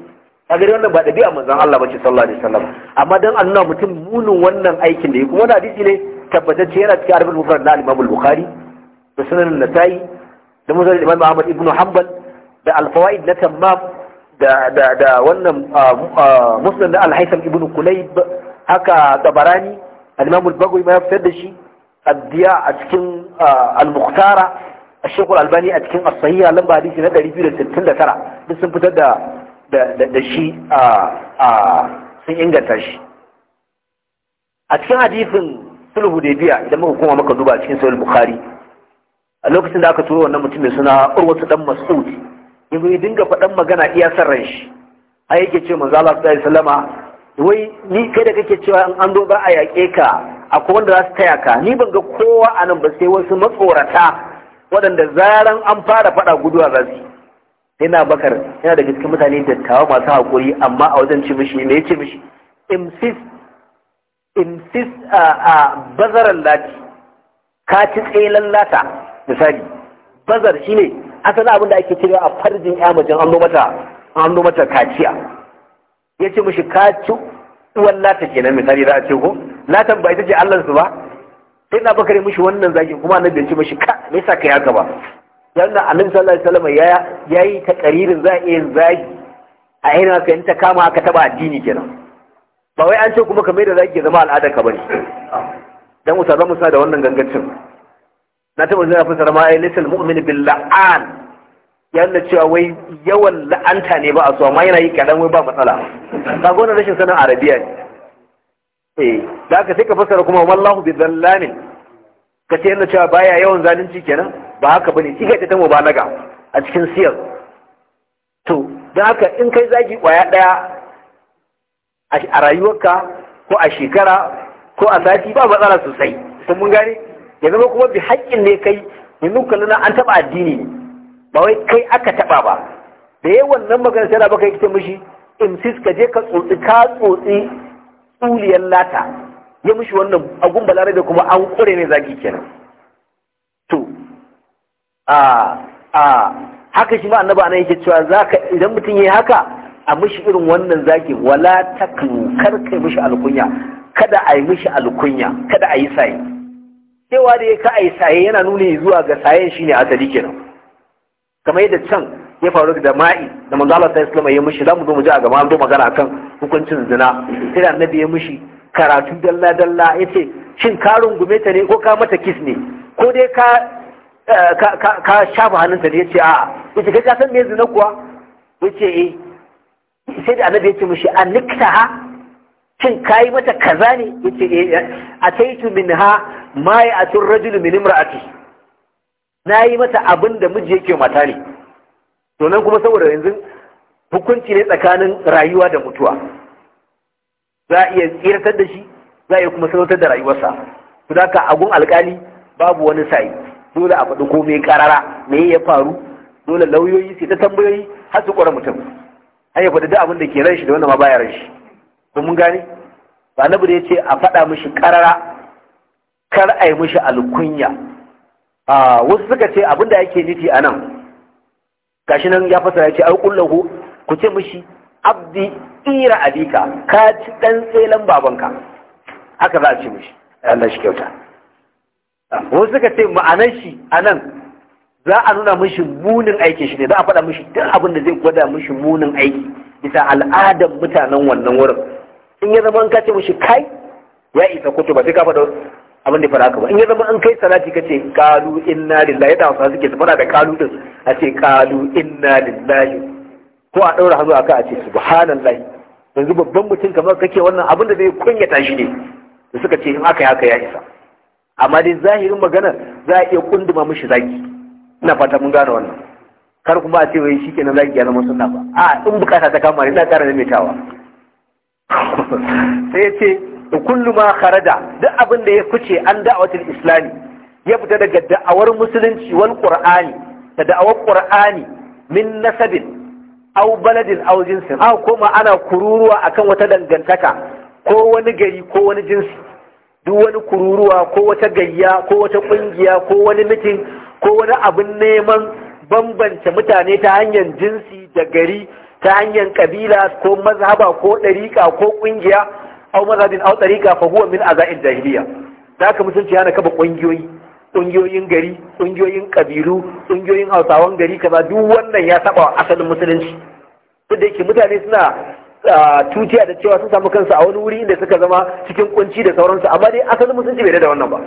a gari wannan ba ɗabi'a manzon Allah bace sallallahu alaihi wasallam amma dan an nuna mutum munin wannan aikin da yake kuma wannan hadisi ne tabbatacce yana cikin arabul mufrad na al-Imam al-Bukhari da sunan nasai da musnad Imam Ahmad ibn Hanbal da al-Fawaid na Tammam da da da wannan ah, ah, musnad al-Haytham ibn Kulayb haka Tabarani al-Imam al-Baghawi ma ya fitar da shi addiya a cikin ah, al-Mukhtara الشيخ الألباني أتكين الصحيح لما na ندى ريبيو لسنتين لترى لسن فتر دا دا دا, دا شي آآ آآ سن إنجتا شي أتكين حديث sulh hudaybiya idan muka koma muka duba cikin sahih bukhari a lokacin da aka turo wannan mutum mai suna urwatu ɗan mas'ud yazo ya dinga faɗan magana iya san ran shi ai yake ce manzo Allah sallallahu alaihi wasallama wai ni kai da kake cewa in an zo ba a yaƙe ka akwai wanda za su taya ka ni ban ga kowa a nan ba sai wasu matsorata waɗanda zaran an fara faɗa guduwa za su yana bakar yana daga cikin mutane dattawa masu haƙuri amma a wajen ci mishi me ce mishi insist insist a bazaran lati ka ci tselan lata misali bazar shine asalin abin da ake cewa a farjin ya an mata an mata kaciya ce mishi ka ci uwan lata kenan misali za a ce ko latan ba ita ce Allah su ba sai na bakare mishi wannan zagin kuma na bai ci mishi ka me yasa kai haka ba dan da annabi sallallahu alaihi wasallam ya yi takaririn za a yi zagi a irin haka in ta kama haka taba addini kenan ba wai an ce kuma ka mai da zagi zama al'ada ka bane dan usaza musa da wannan gangancin na taba zuwa fi sarama ai lisal mu'min bil la'an yadda cewa wai yawan la'anta ne ba a so amma yana yi kaɗan wai ba matsala ka gona rashin sanin arabiya ne zaka eh, da aka sai ka fassara kuma wallahu bi zallamin ka ce yana cewa baya yawan zalunci kenan ba haka bane kika ta mubalaga a cikin siyar to dan haka in kai zagi kwaya daya a rayuwarka ko a shekara ko a sati ba matsala sosai sun mun gane ya kuma bi haƙƙin ne kai nuka kallon an taɓa addini ne ba wai kai aka taɓa ba da yawan nan magana sai da baka yi kitan mishi in ka je ka tsotsi ka tsotsi tuliyar lata ya mishi wannan agun balarabe kuma an kure ne zaki kenan to a a haka shi ma annabi anan yake cewa zaka idan mutum ya yi haka a mishi irin wannan zaki wala taklu kar kai mishi alkunya kada a yi mishi alkunya kada a yi saye cewa da ya ka a yi saye yana nuni zuwa ga sayen shine asali kenan kamar yadda can ya faru da ma'i da manzo Allah sallallahu alaihi ya mushi zamu zo mu ji a gaba an zo magana akan hukuncin zina sai da annabi ya mushi karatu dalla dalla yace shin ka rungume ta ne ko ka mata kiss ne ko dai ka eh, ka shafa hannunta ne yace a'a yace kai ka san me zina kuwa yace eh sai da annabi yace mishi ha? shin kai mata kaza ne yace eh ataitu minha mai atur rajul min imra'ati nayi mata abin da miji yake mata ne to nan kuma saboda yanzu hukunci ne tsakanin rayuwa da mutuwa za a iya tsirtar da shi za a iya kuma sarautar da rayuwarsa su da ka agun alkali babu wani sai dole a faɗi komai karara me ya faru dole lauyoyi sai ta tambayoyi har su ƙware mutum har ya faɗi duk abin da ke ran shi da wanda ma baya ran shi to mun gane ba na bude ya ce a faɗa mishi karara kar a yi mishi alkunya ah, wasu suka ce abin da yake nufi a nan gashi nan ya fasara ya ce ai kullahu ku ce mishi abdi ira abika ka ci dan tselan babanka haka za a ce mishi Allah shi kyauta wasu suka ce ma'anar shi anan za a nuna mishi munin aikin shi ne za a faɗa mishi duk abin da zai gwada mishi munin aiki bisa al'adar mutanen wannan wurin in ya zama ka ce mishi kai ya isa kutuba ba sai ka faɗa abin da fara haka ba in ya zama an kai salati kace qalu inna lillahi da hausa suke su fara da qalu din a ce qalu inna lillahi ko a daura hazo aka a ce subhanallahi yanzu babban mutum kamar kake wannan abin da zai kunyata shi ne da suka ce in aka yi haka ya isa amma dai zahirin magana za a iya kunduma mishi zaki ina fata mun gane wannan kar kuma a ce wai shikenan zaki ya zama sunna ba a in bukata ta kama ne ina a mai tawa sai ya ce da kullu ma kharaja duk abin da ya fice an da'awatul islami ya fita daga da'awar musulunci wal qur'ani da da'awar qur'ani min nasabin aw baladin aw jinsin aw ana kururuwa akan wata dangantaka ko wani gari ko wani jinsi duk wani kururuwa ko wata gayya ko wata kungiya ko wani mitin ko wani abin neman bambance mutane ta hanyar jinsi da gari ta hanyar kabila ko mazhaba ko ɗariƙa ko kungiya. aw mazhabin aw tariqa fa huwa min aza'i jahiliya da haka musulunci yana kaba kungiyoyi kungiyoyin gari kungiyoyin kabilu kungiyoyin hausawan gari kaza duk wannan ya saba asalin musulunci duk da yake mutane suna tutiya da cewa sun samu kansu a wani wuri inda suka zama cikin kunci da sauransu amma dai asalin musulunci bai da wannan ba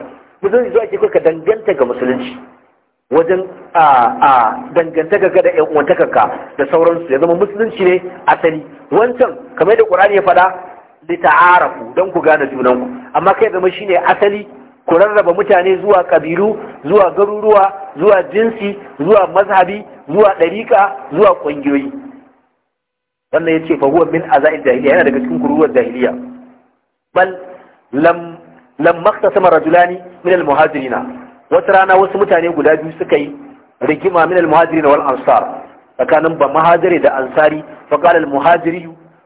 musulunci zuwa ke kuka danganta ga musulunci wajen a dangantaka ga da yan uwantakanka da sauransu ya zama musulunci ne asali wancan kamar da qur'ani ya faɗa lita'arafu don ku gane junan ku. amma kai zama shine asali ku rarraba mutane zuwa kabilu zuwa garuruwa zuwa jinsi zuwa mazhabi zuwa dariqa zuwa ƙungiyoyi wannan yace fa huwa min aza'il jahiliya yana daga cikin kururuwar jahiliya bal lam lam maqtasama rajulani min al muhajirina wata rana wasu mutane guda biyu suka yi rigima min al muhajirina wal ansar tsakanin ba muhajiri da ansari fa qala al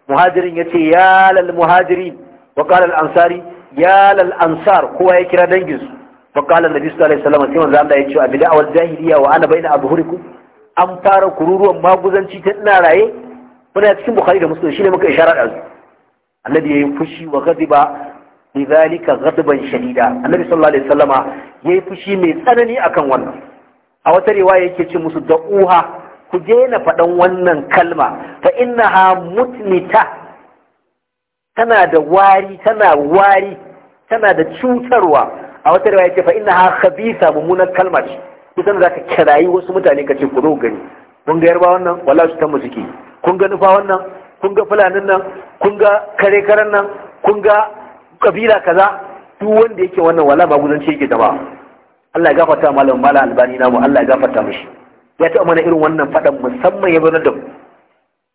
muhajirin yace ya lal muhajirin wa qala ansari ya lal ansar kowa ya kira dangin su fa qala annabi sallallahu alaihi wasallam sai manzo Allah ya ce a bid'awal jahiliya wa ana baina abhurikum an fara kururuwan maguzanci ta ina raye muna cikin bukhari da muslim shine muka isharar da su annabi yayi fushi wa ghadiba lidhalika ghadban shadida annabi sallallahu alaihi wasallama yayi fushi mai tsanani akan wannan a wata riwaya yake ce musu da'uha ku daina faɗan wannan kalma fa ha mutmita tana da wari tana wari tana da cutarwa a wata rawa ce fa ha khabitha mummunan kalma ce kusan ka kirayi wasu mutane ka ce ku zo gani kun ga yarba wannan wallahi su tamu suke kun ga nufa wannan kun ga fulanin nan kun ga kare karen nan kun ga kabila kaza duk wanda yake wannan wala ba guzanci yake da ba? Allah ya gafarta malam malam albani namu Allah ya gafarta mishi ya taɓa mana irin wannan faɗan musamman ya bana da mu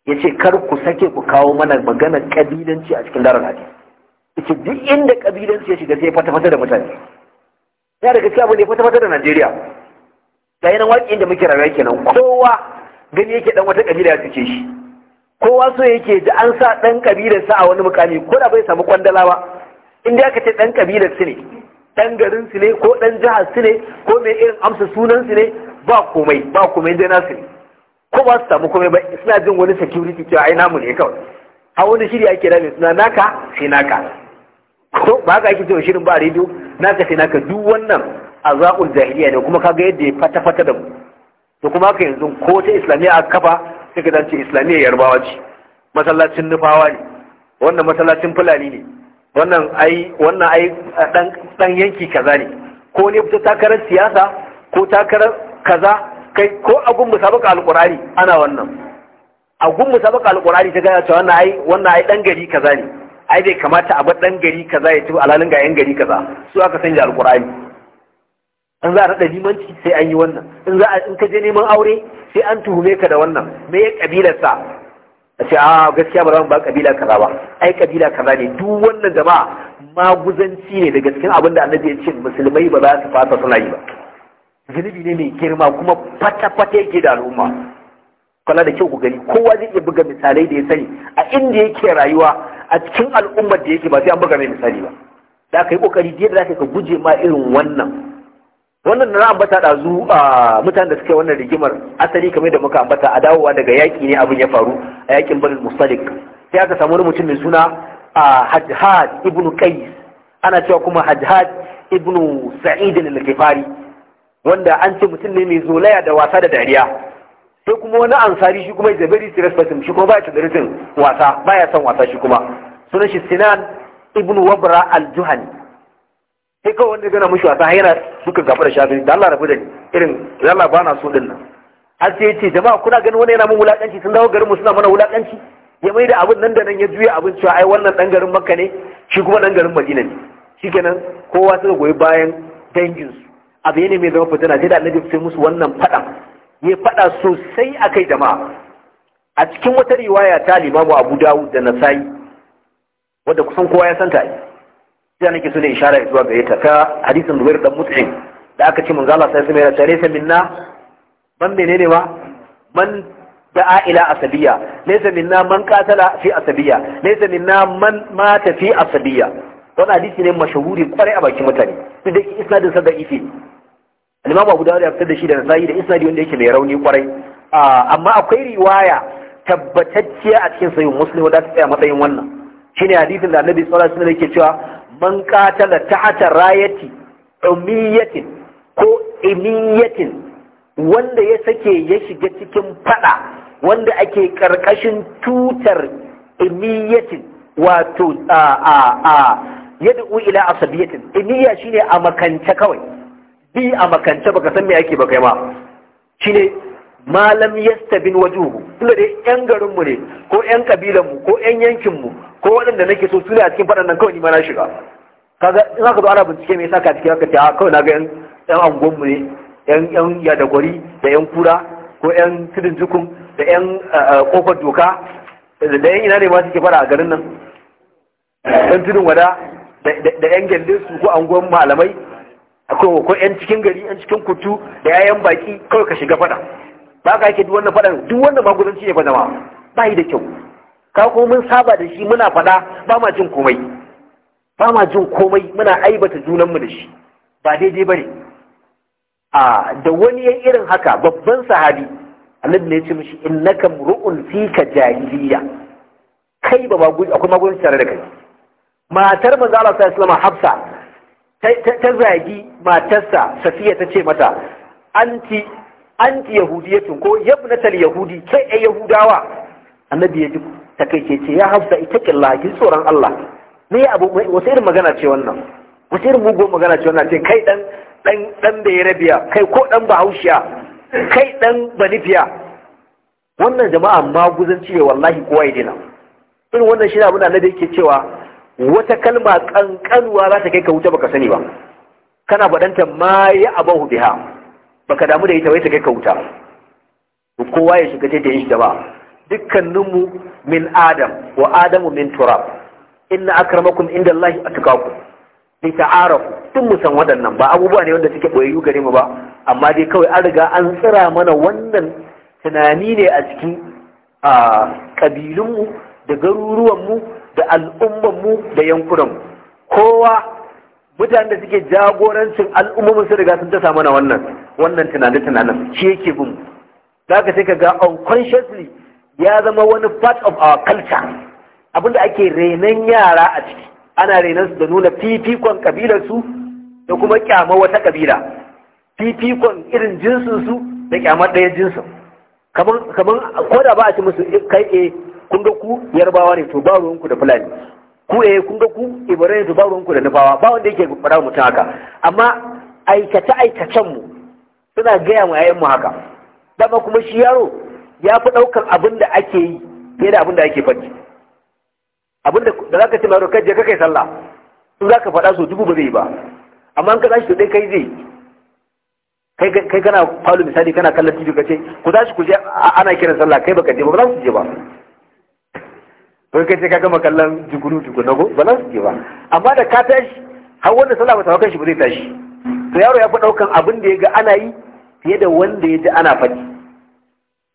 ya ce kar ku sake ku kawo mana magana ƙabilanci a cikin darar hadis yace duk inda ƙabilanci ya shiga sai ya fata-fata da mutane ya daga cikin abin da ya fata-fata da najeriya yi waki waƙi inda muke rayuwa kenan kowa gani yake dan wata ƙabila ya suke shi kowa so yake da an sa ɗan ƙabilarsa a wani mukami ko da bai samu kwandala ba in dai aka ce ɗan ƙabilar su ne ɗan garin su ne ko ɗan jihar su ne ko mai irin amsa sunan su ne ba komai ba komai dai nasu ne ko ba su samu komai ba suna jin wani security cewa ai namu ne kawai a wani shiri ake rami suna naka sai naka ko ba ka ake cewa shirin ba rediyo naka sai naka duk wannan azaul jahiliya ne kuma kaga yadda ya fata fata da mu to kuma haka yanzu ko ta islamiyya aka kafa sai ka dace islamiyya yarbawa ce masallacin nufawa ne wannan masallacin fulani ne wannan ai wannan ai dan yanki kaza ne ko ne fita takarar siyasa ko takarar kaza kai ko a gun musabaka alqur'ani ana wannan a musabaka alqur'ani ta gaya ta wannan ai wannan ai dan gari kaza ne ai bai kamata a bar dan gari kaza ya ci alalin ga yan gari kaza su aka sanya alqur'ani in za a rada limanci sai an yi wannan in za in ka je neman aure sai an tuhume ka da wannan me ya kabilarsa a ce a ah, gaskiya ba za mu ba kabila kaza ba ai kabila kaza ne duk wannan jama'a maguzanci ne da cikin abin da annabi ya ce musulmai ba za su fasa suna yi ba zunubi ne mai girma kuma fata-fata yake da al'umma Kala da kyau ku gani kowa zai iya buga misalai da ya sani a inda yake rayuwa a cikin al'ummar da yake ba sai an buga mai misali ba da aka yi kokari da yadda ka guje ma irin wannan wannan na ambata zu a mutanen da suka wannan rigimar asali kamar da muka ambata a dawowa daga yaƙi ne abin ya faru a yaƙin barin musalik sai aka samu wani mutum mai suna a hajjad ibnu Kais, ana cewa kuma hajjad ibnu sa'id al-kifari wanda an ce mutum ne mai zolaya da wasa da dariya sai kuma wani ansari shi kuma ya a very serious shi kuma baya tudiritin wasa baya son wasa shi kuma sunan shi sinan ibn wabra al-juhani sai kawai wanda gana mushi wasa yana suka gaba da shafi da Allah rabu da ni irin Allah ba na so din nan har sai yace jama'a kuna ganin wani yana mun wulakanci sun dawo garin mu suna mana wulakanci ya mai da abin nan da nan ya juya abin cewa ai wannan dan garin Makka ne shi kuma dan garin Madina ne shikenan kowa suka goyi bayan danginsu abu ne mai zama fitina sai da annabi sai musu wannan fada ya fada sosai a kai jama'a a cikin wata riwaya ta limamu Abu Dawud da Nasa'i wadda kusan kowa ya santa sai nake so ne ishara zuwa ga ita ta hadisin Zubair dan Mut'im da aka ce manzo Allah sai sai mai tare sai minna man menene ma man da'a ila asabiya laysa minna man qatala fi asabiya laysa minna man mata fi asabiya wannan hadisi ne mashahuri kwarai a bakin mutane duk da isnadin sa da ife al-imam abu dawud ya fitar da shi da nasai da isnadi wanda yake mai rauni kwarai ah, amma akwai riwaya tabbatacciya a cikin sahih muslim wanda ta tsaya matsayin wannan shine hadisin da annabi sallallahu alaihi wasallam yake cewa man qatala ta'ata rayati umiyatin ko imiyatin wanda ya sake ya shiga cikin fada wanda ake karkashin tutar imiyatin wato a ah, a ah, a yad'u ila asabiyatin imiya shine a makance kawai bi a makance baka san me ake ba kai ma shine malam yastabin wajuhu kuma dai yan garin mu ne ko yan kabilan mu ko yan yankin mu ko waɗanda nake so su ne a cikin faɗan nan kawai ni ma na shiga kaga in aka zo ana bincike me yasa ka cikin haka ta ah, kawai na ga yan yan angon mu ne yan yan yadagwari da yan kura ko yan tudun jukun da yan kofar doka da yan ina ne ma suke fara a garin nan yan tudun wada da yan gyalle su ko angon malamai akwai ko yan cikin gari yan cikin kutu da yayan baki kawai ka shiga fada ba ka yake duk wannan fadan duk wannan magudanci ya fada ma ba yi da kyau ka ko mun saba da shi muna fada ba ma jin komai ba ma jin komai muna aibata junanmu da shi ba daidai bane a da wani ya irin haka babban sahabi annabi ne ya ce mishi innaka mur'un fika jahiliya kai ba magudanci akwai magudanci tare da kai matar manzo Allah sallallahu alaihi wasallam Hafsa ta zagi matarsa safiya ta ce mata anti anti yahudiyatun ko yabnatal yahudi ke ai yahudawa annabi ya ta kai ce ya hafsa ita killa ki tsoron Allah me abu wasu irin magana ce wannan wasu irin mugun magana ce wannan ce kai dan dan da ya rabiya kai ko dan bahaushiya kai dan banifiya wannan jama'a maguzanci ne wallahi kowa ya dina irin wannan shi abin da annabi yake cewa wata kalma kankanuwa za ta kai ka wuta baka sani ba kana faɗanta ma ya abahu biha baka damu da ita wai ta kai ka wuta kowa ya shiga ta yin shi ba dukkaninmu min adam wa adamu min turab inna akramakum inda Allah atqakum li ta'arafu tun mu san waɗannan ba abubuwa ne wanda suke boyayyu gare mu ba amma dai kawai an riga an tsira mana wannan tunani ne a cikin a kabilunmu da garuruwanmu da al'ummanmu da yankunanmu kowa mutanen da suke jagorancin al'ummanmu sun riga sun ta mana wannan wannan tunanin-tunanin shi yake bin za ka sai ka ga unconsciously ya zama wani part of our culture abinda ake renon yara a ciki ana renon su da nuna fifikon kabilarsu da kuma kyama wata kabila fifikon irin jinsinsu da kyamar ɗaya jinsin kamar ko da ba a ci musu eh, kai eh, kun ga ku yarbawa ne to ba ruwanku da fulani ku eh kun ga ku ibarai ne to ba ruwanku da nufawa ba wanda yake fara mutum haka amma aikace aikacen mu suna gaya mu yayan mu haka dama kuma shi yaro ya fi ɗaukar abin da ake yi fiye da abin da ake fadi abin da za ka ce maro kaje ka kai sallah in za ka faɗa so dubu ba zai ba amma an ka tashi to dai kai zai kai kana falo misali kana kallon tv ka ce ku tashi ku je ana kiran sallah kai baka je ba ba za su je ba ko kai sai ka gama kallon jiguru jiguna na ba za su ke ba amma da ka tashi har wanda sallah ba ta kan shi ba zai tashi to yaro ya fi ɗaukan abin da ya ga ana yi fiye da wanda ya ji ana faɗi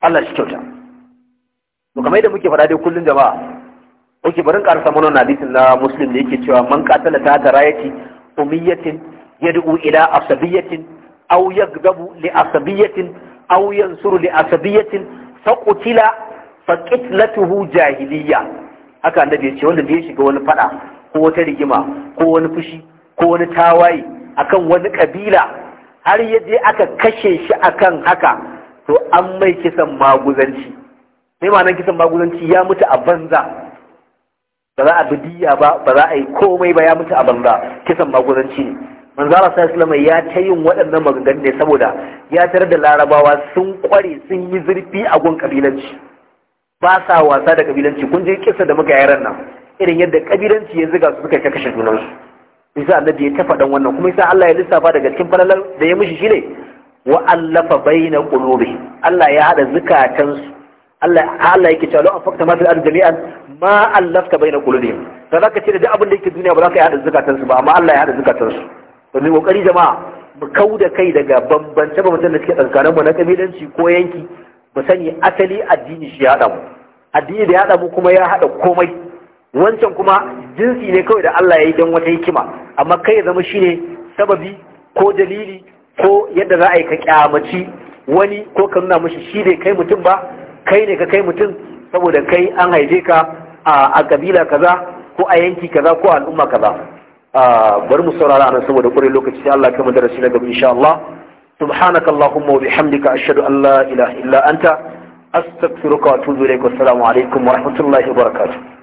Allah shi kyauta to kamar yadda muke faɗa dai kullum jama'a oke barin ƙara mana na hadisin na muslim da yake cewa man qatala ta tarayati umiyatin yad'u ila asabiyatin aw yaghdabu li asabiyatin aw yansuru li asabiyatin faqutila tuhu jahiliya haka annabi ya ce wanda zai shiga wani fada ko wata rigima ko wani fushi ko wani tawaye akan wani kabila har ya je aka kashe shi akan haka to an mai kisan maguzanci Sai ma kisan maguzanci ya mutu a banza ba za a bi ba ba za a yi komai ba ya mutu a banza kisan maguzanci ne manzara sa mai ya ta yin waɗannan maganganu ne saboda ya tarar da larabawa sun kware sun yi zurfi a gun kabilanci ba sa wasa da kabilanci kun je kisa da muka yaran nan irin yadda kabilanci ya zuga su suka kashe junansu isa annabi ya tafa dan wannan kuma isa Allah ya lissafa daga cikin falalar da ya mishi shine wa allafa baina qulubi Allah ya hada zukatansu Allah Allah yake cewa an fakta ma fil ardi jami'an ma allafta baina qulubihim to zaka ce da duk abin da yake duniya ba za ka hada su ba amma Allah ya hada su. to ne kokari jama'a mu kauda kai daga bambance bambancen da suke tsakaninmu na kabilanci ko yanki ku sani asali addini shi ya haɗa mu addini da ya haɗa mu kuma ya haɗa komai wancan kuma jinsi ne kawai da Allah ya yi don wata hikima amma kai ya zama shine sababi ko dalili ko yadda za a yi ka kyamaci wani ko ka nuna mashi shi ne kai mutum ba kai ne ka kai mutum saboda kai an haife ka a kabila kaza ko a yanki kaza ko al'umma kaza ah, bari mu saurara nan saboda kure lokaci sai Allah ya kai mu darasi na gaba insha Allah subhanaka allahumma wa bihamdika ashadu an la illa anta astaghfiruka wa atubu ilaik assalamu alaikum wa rahmatullahi wa barakatuh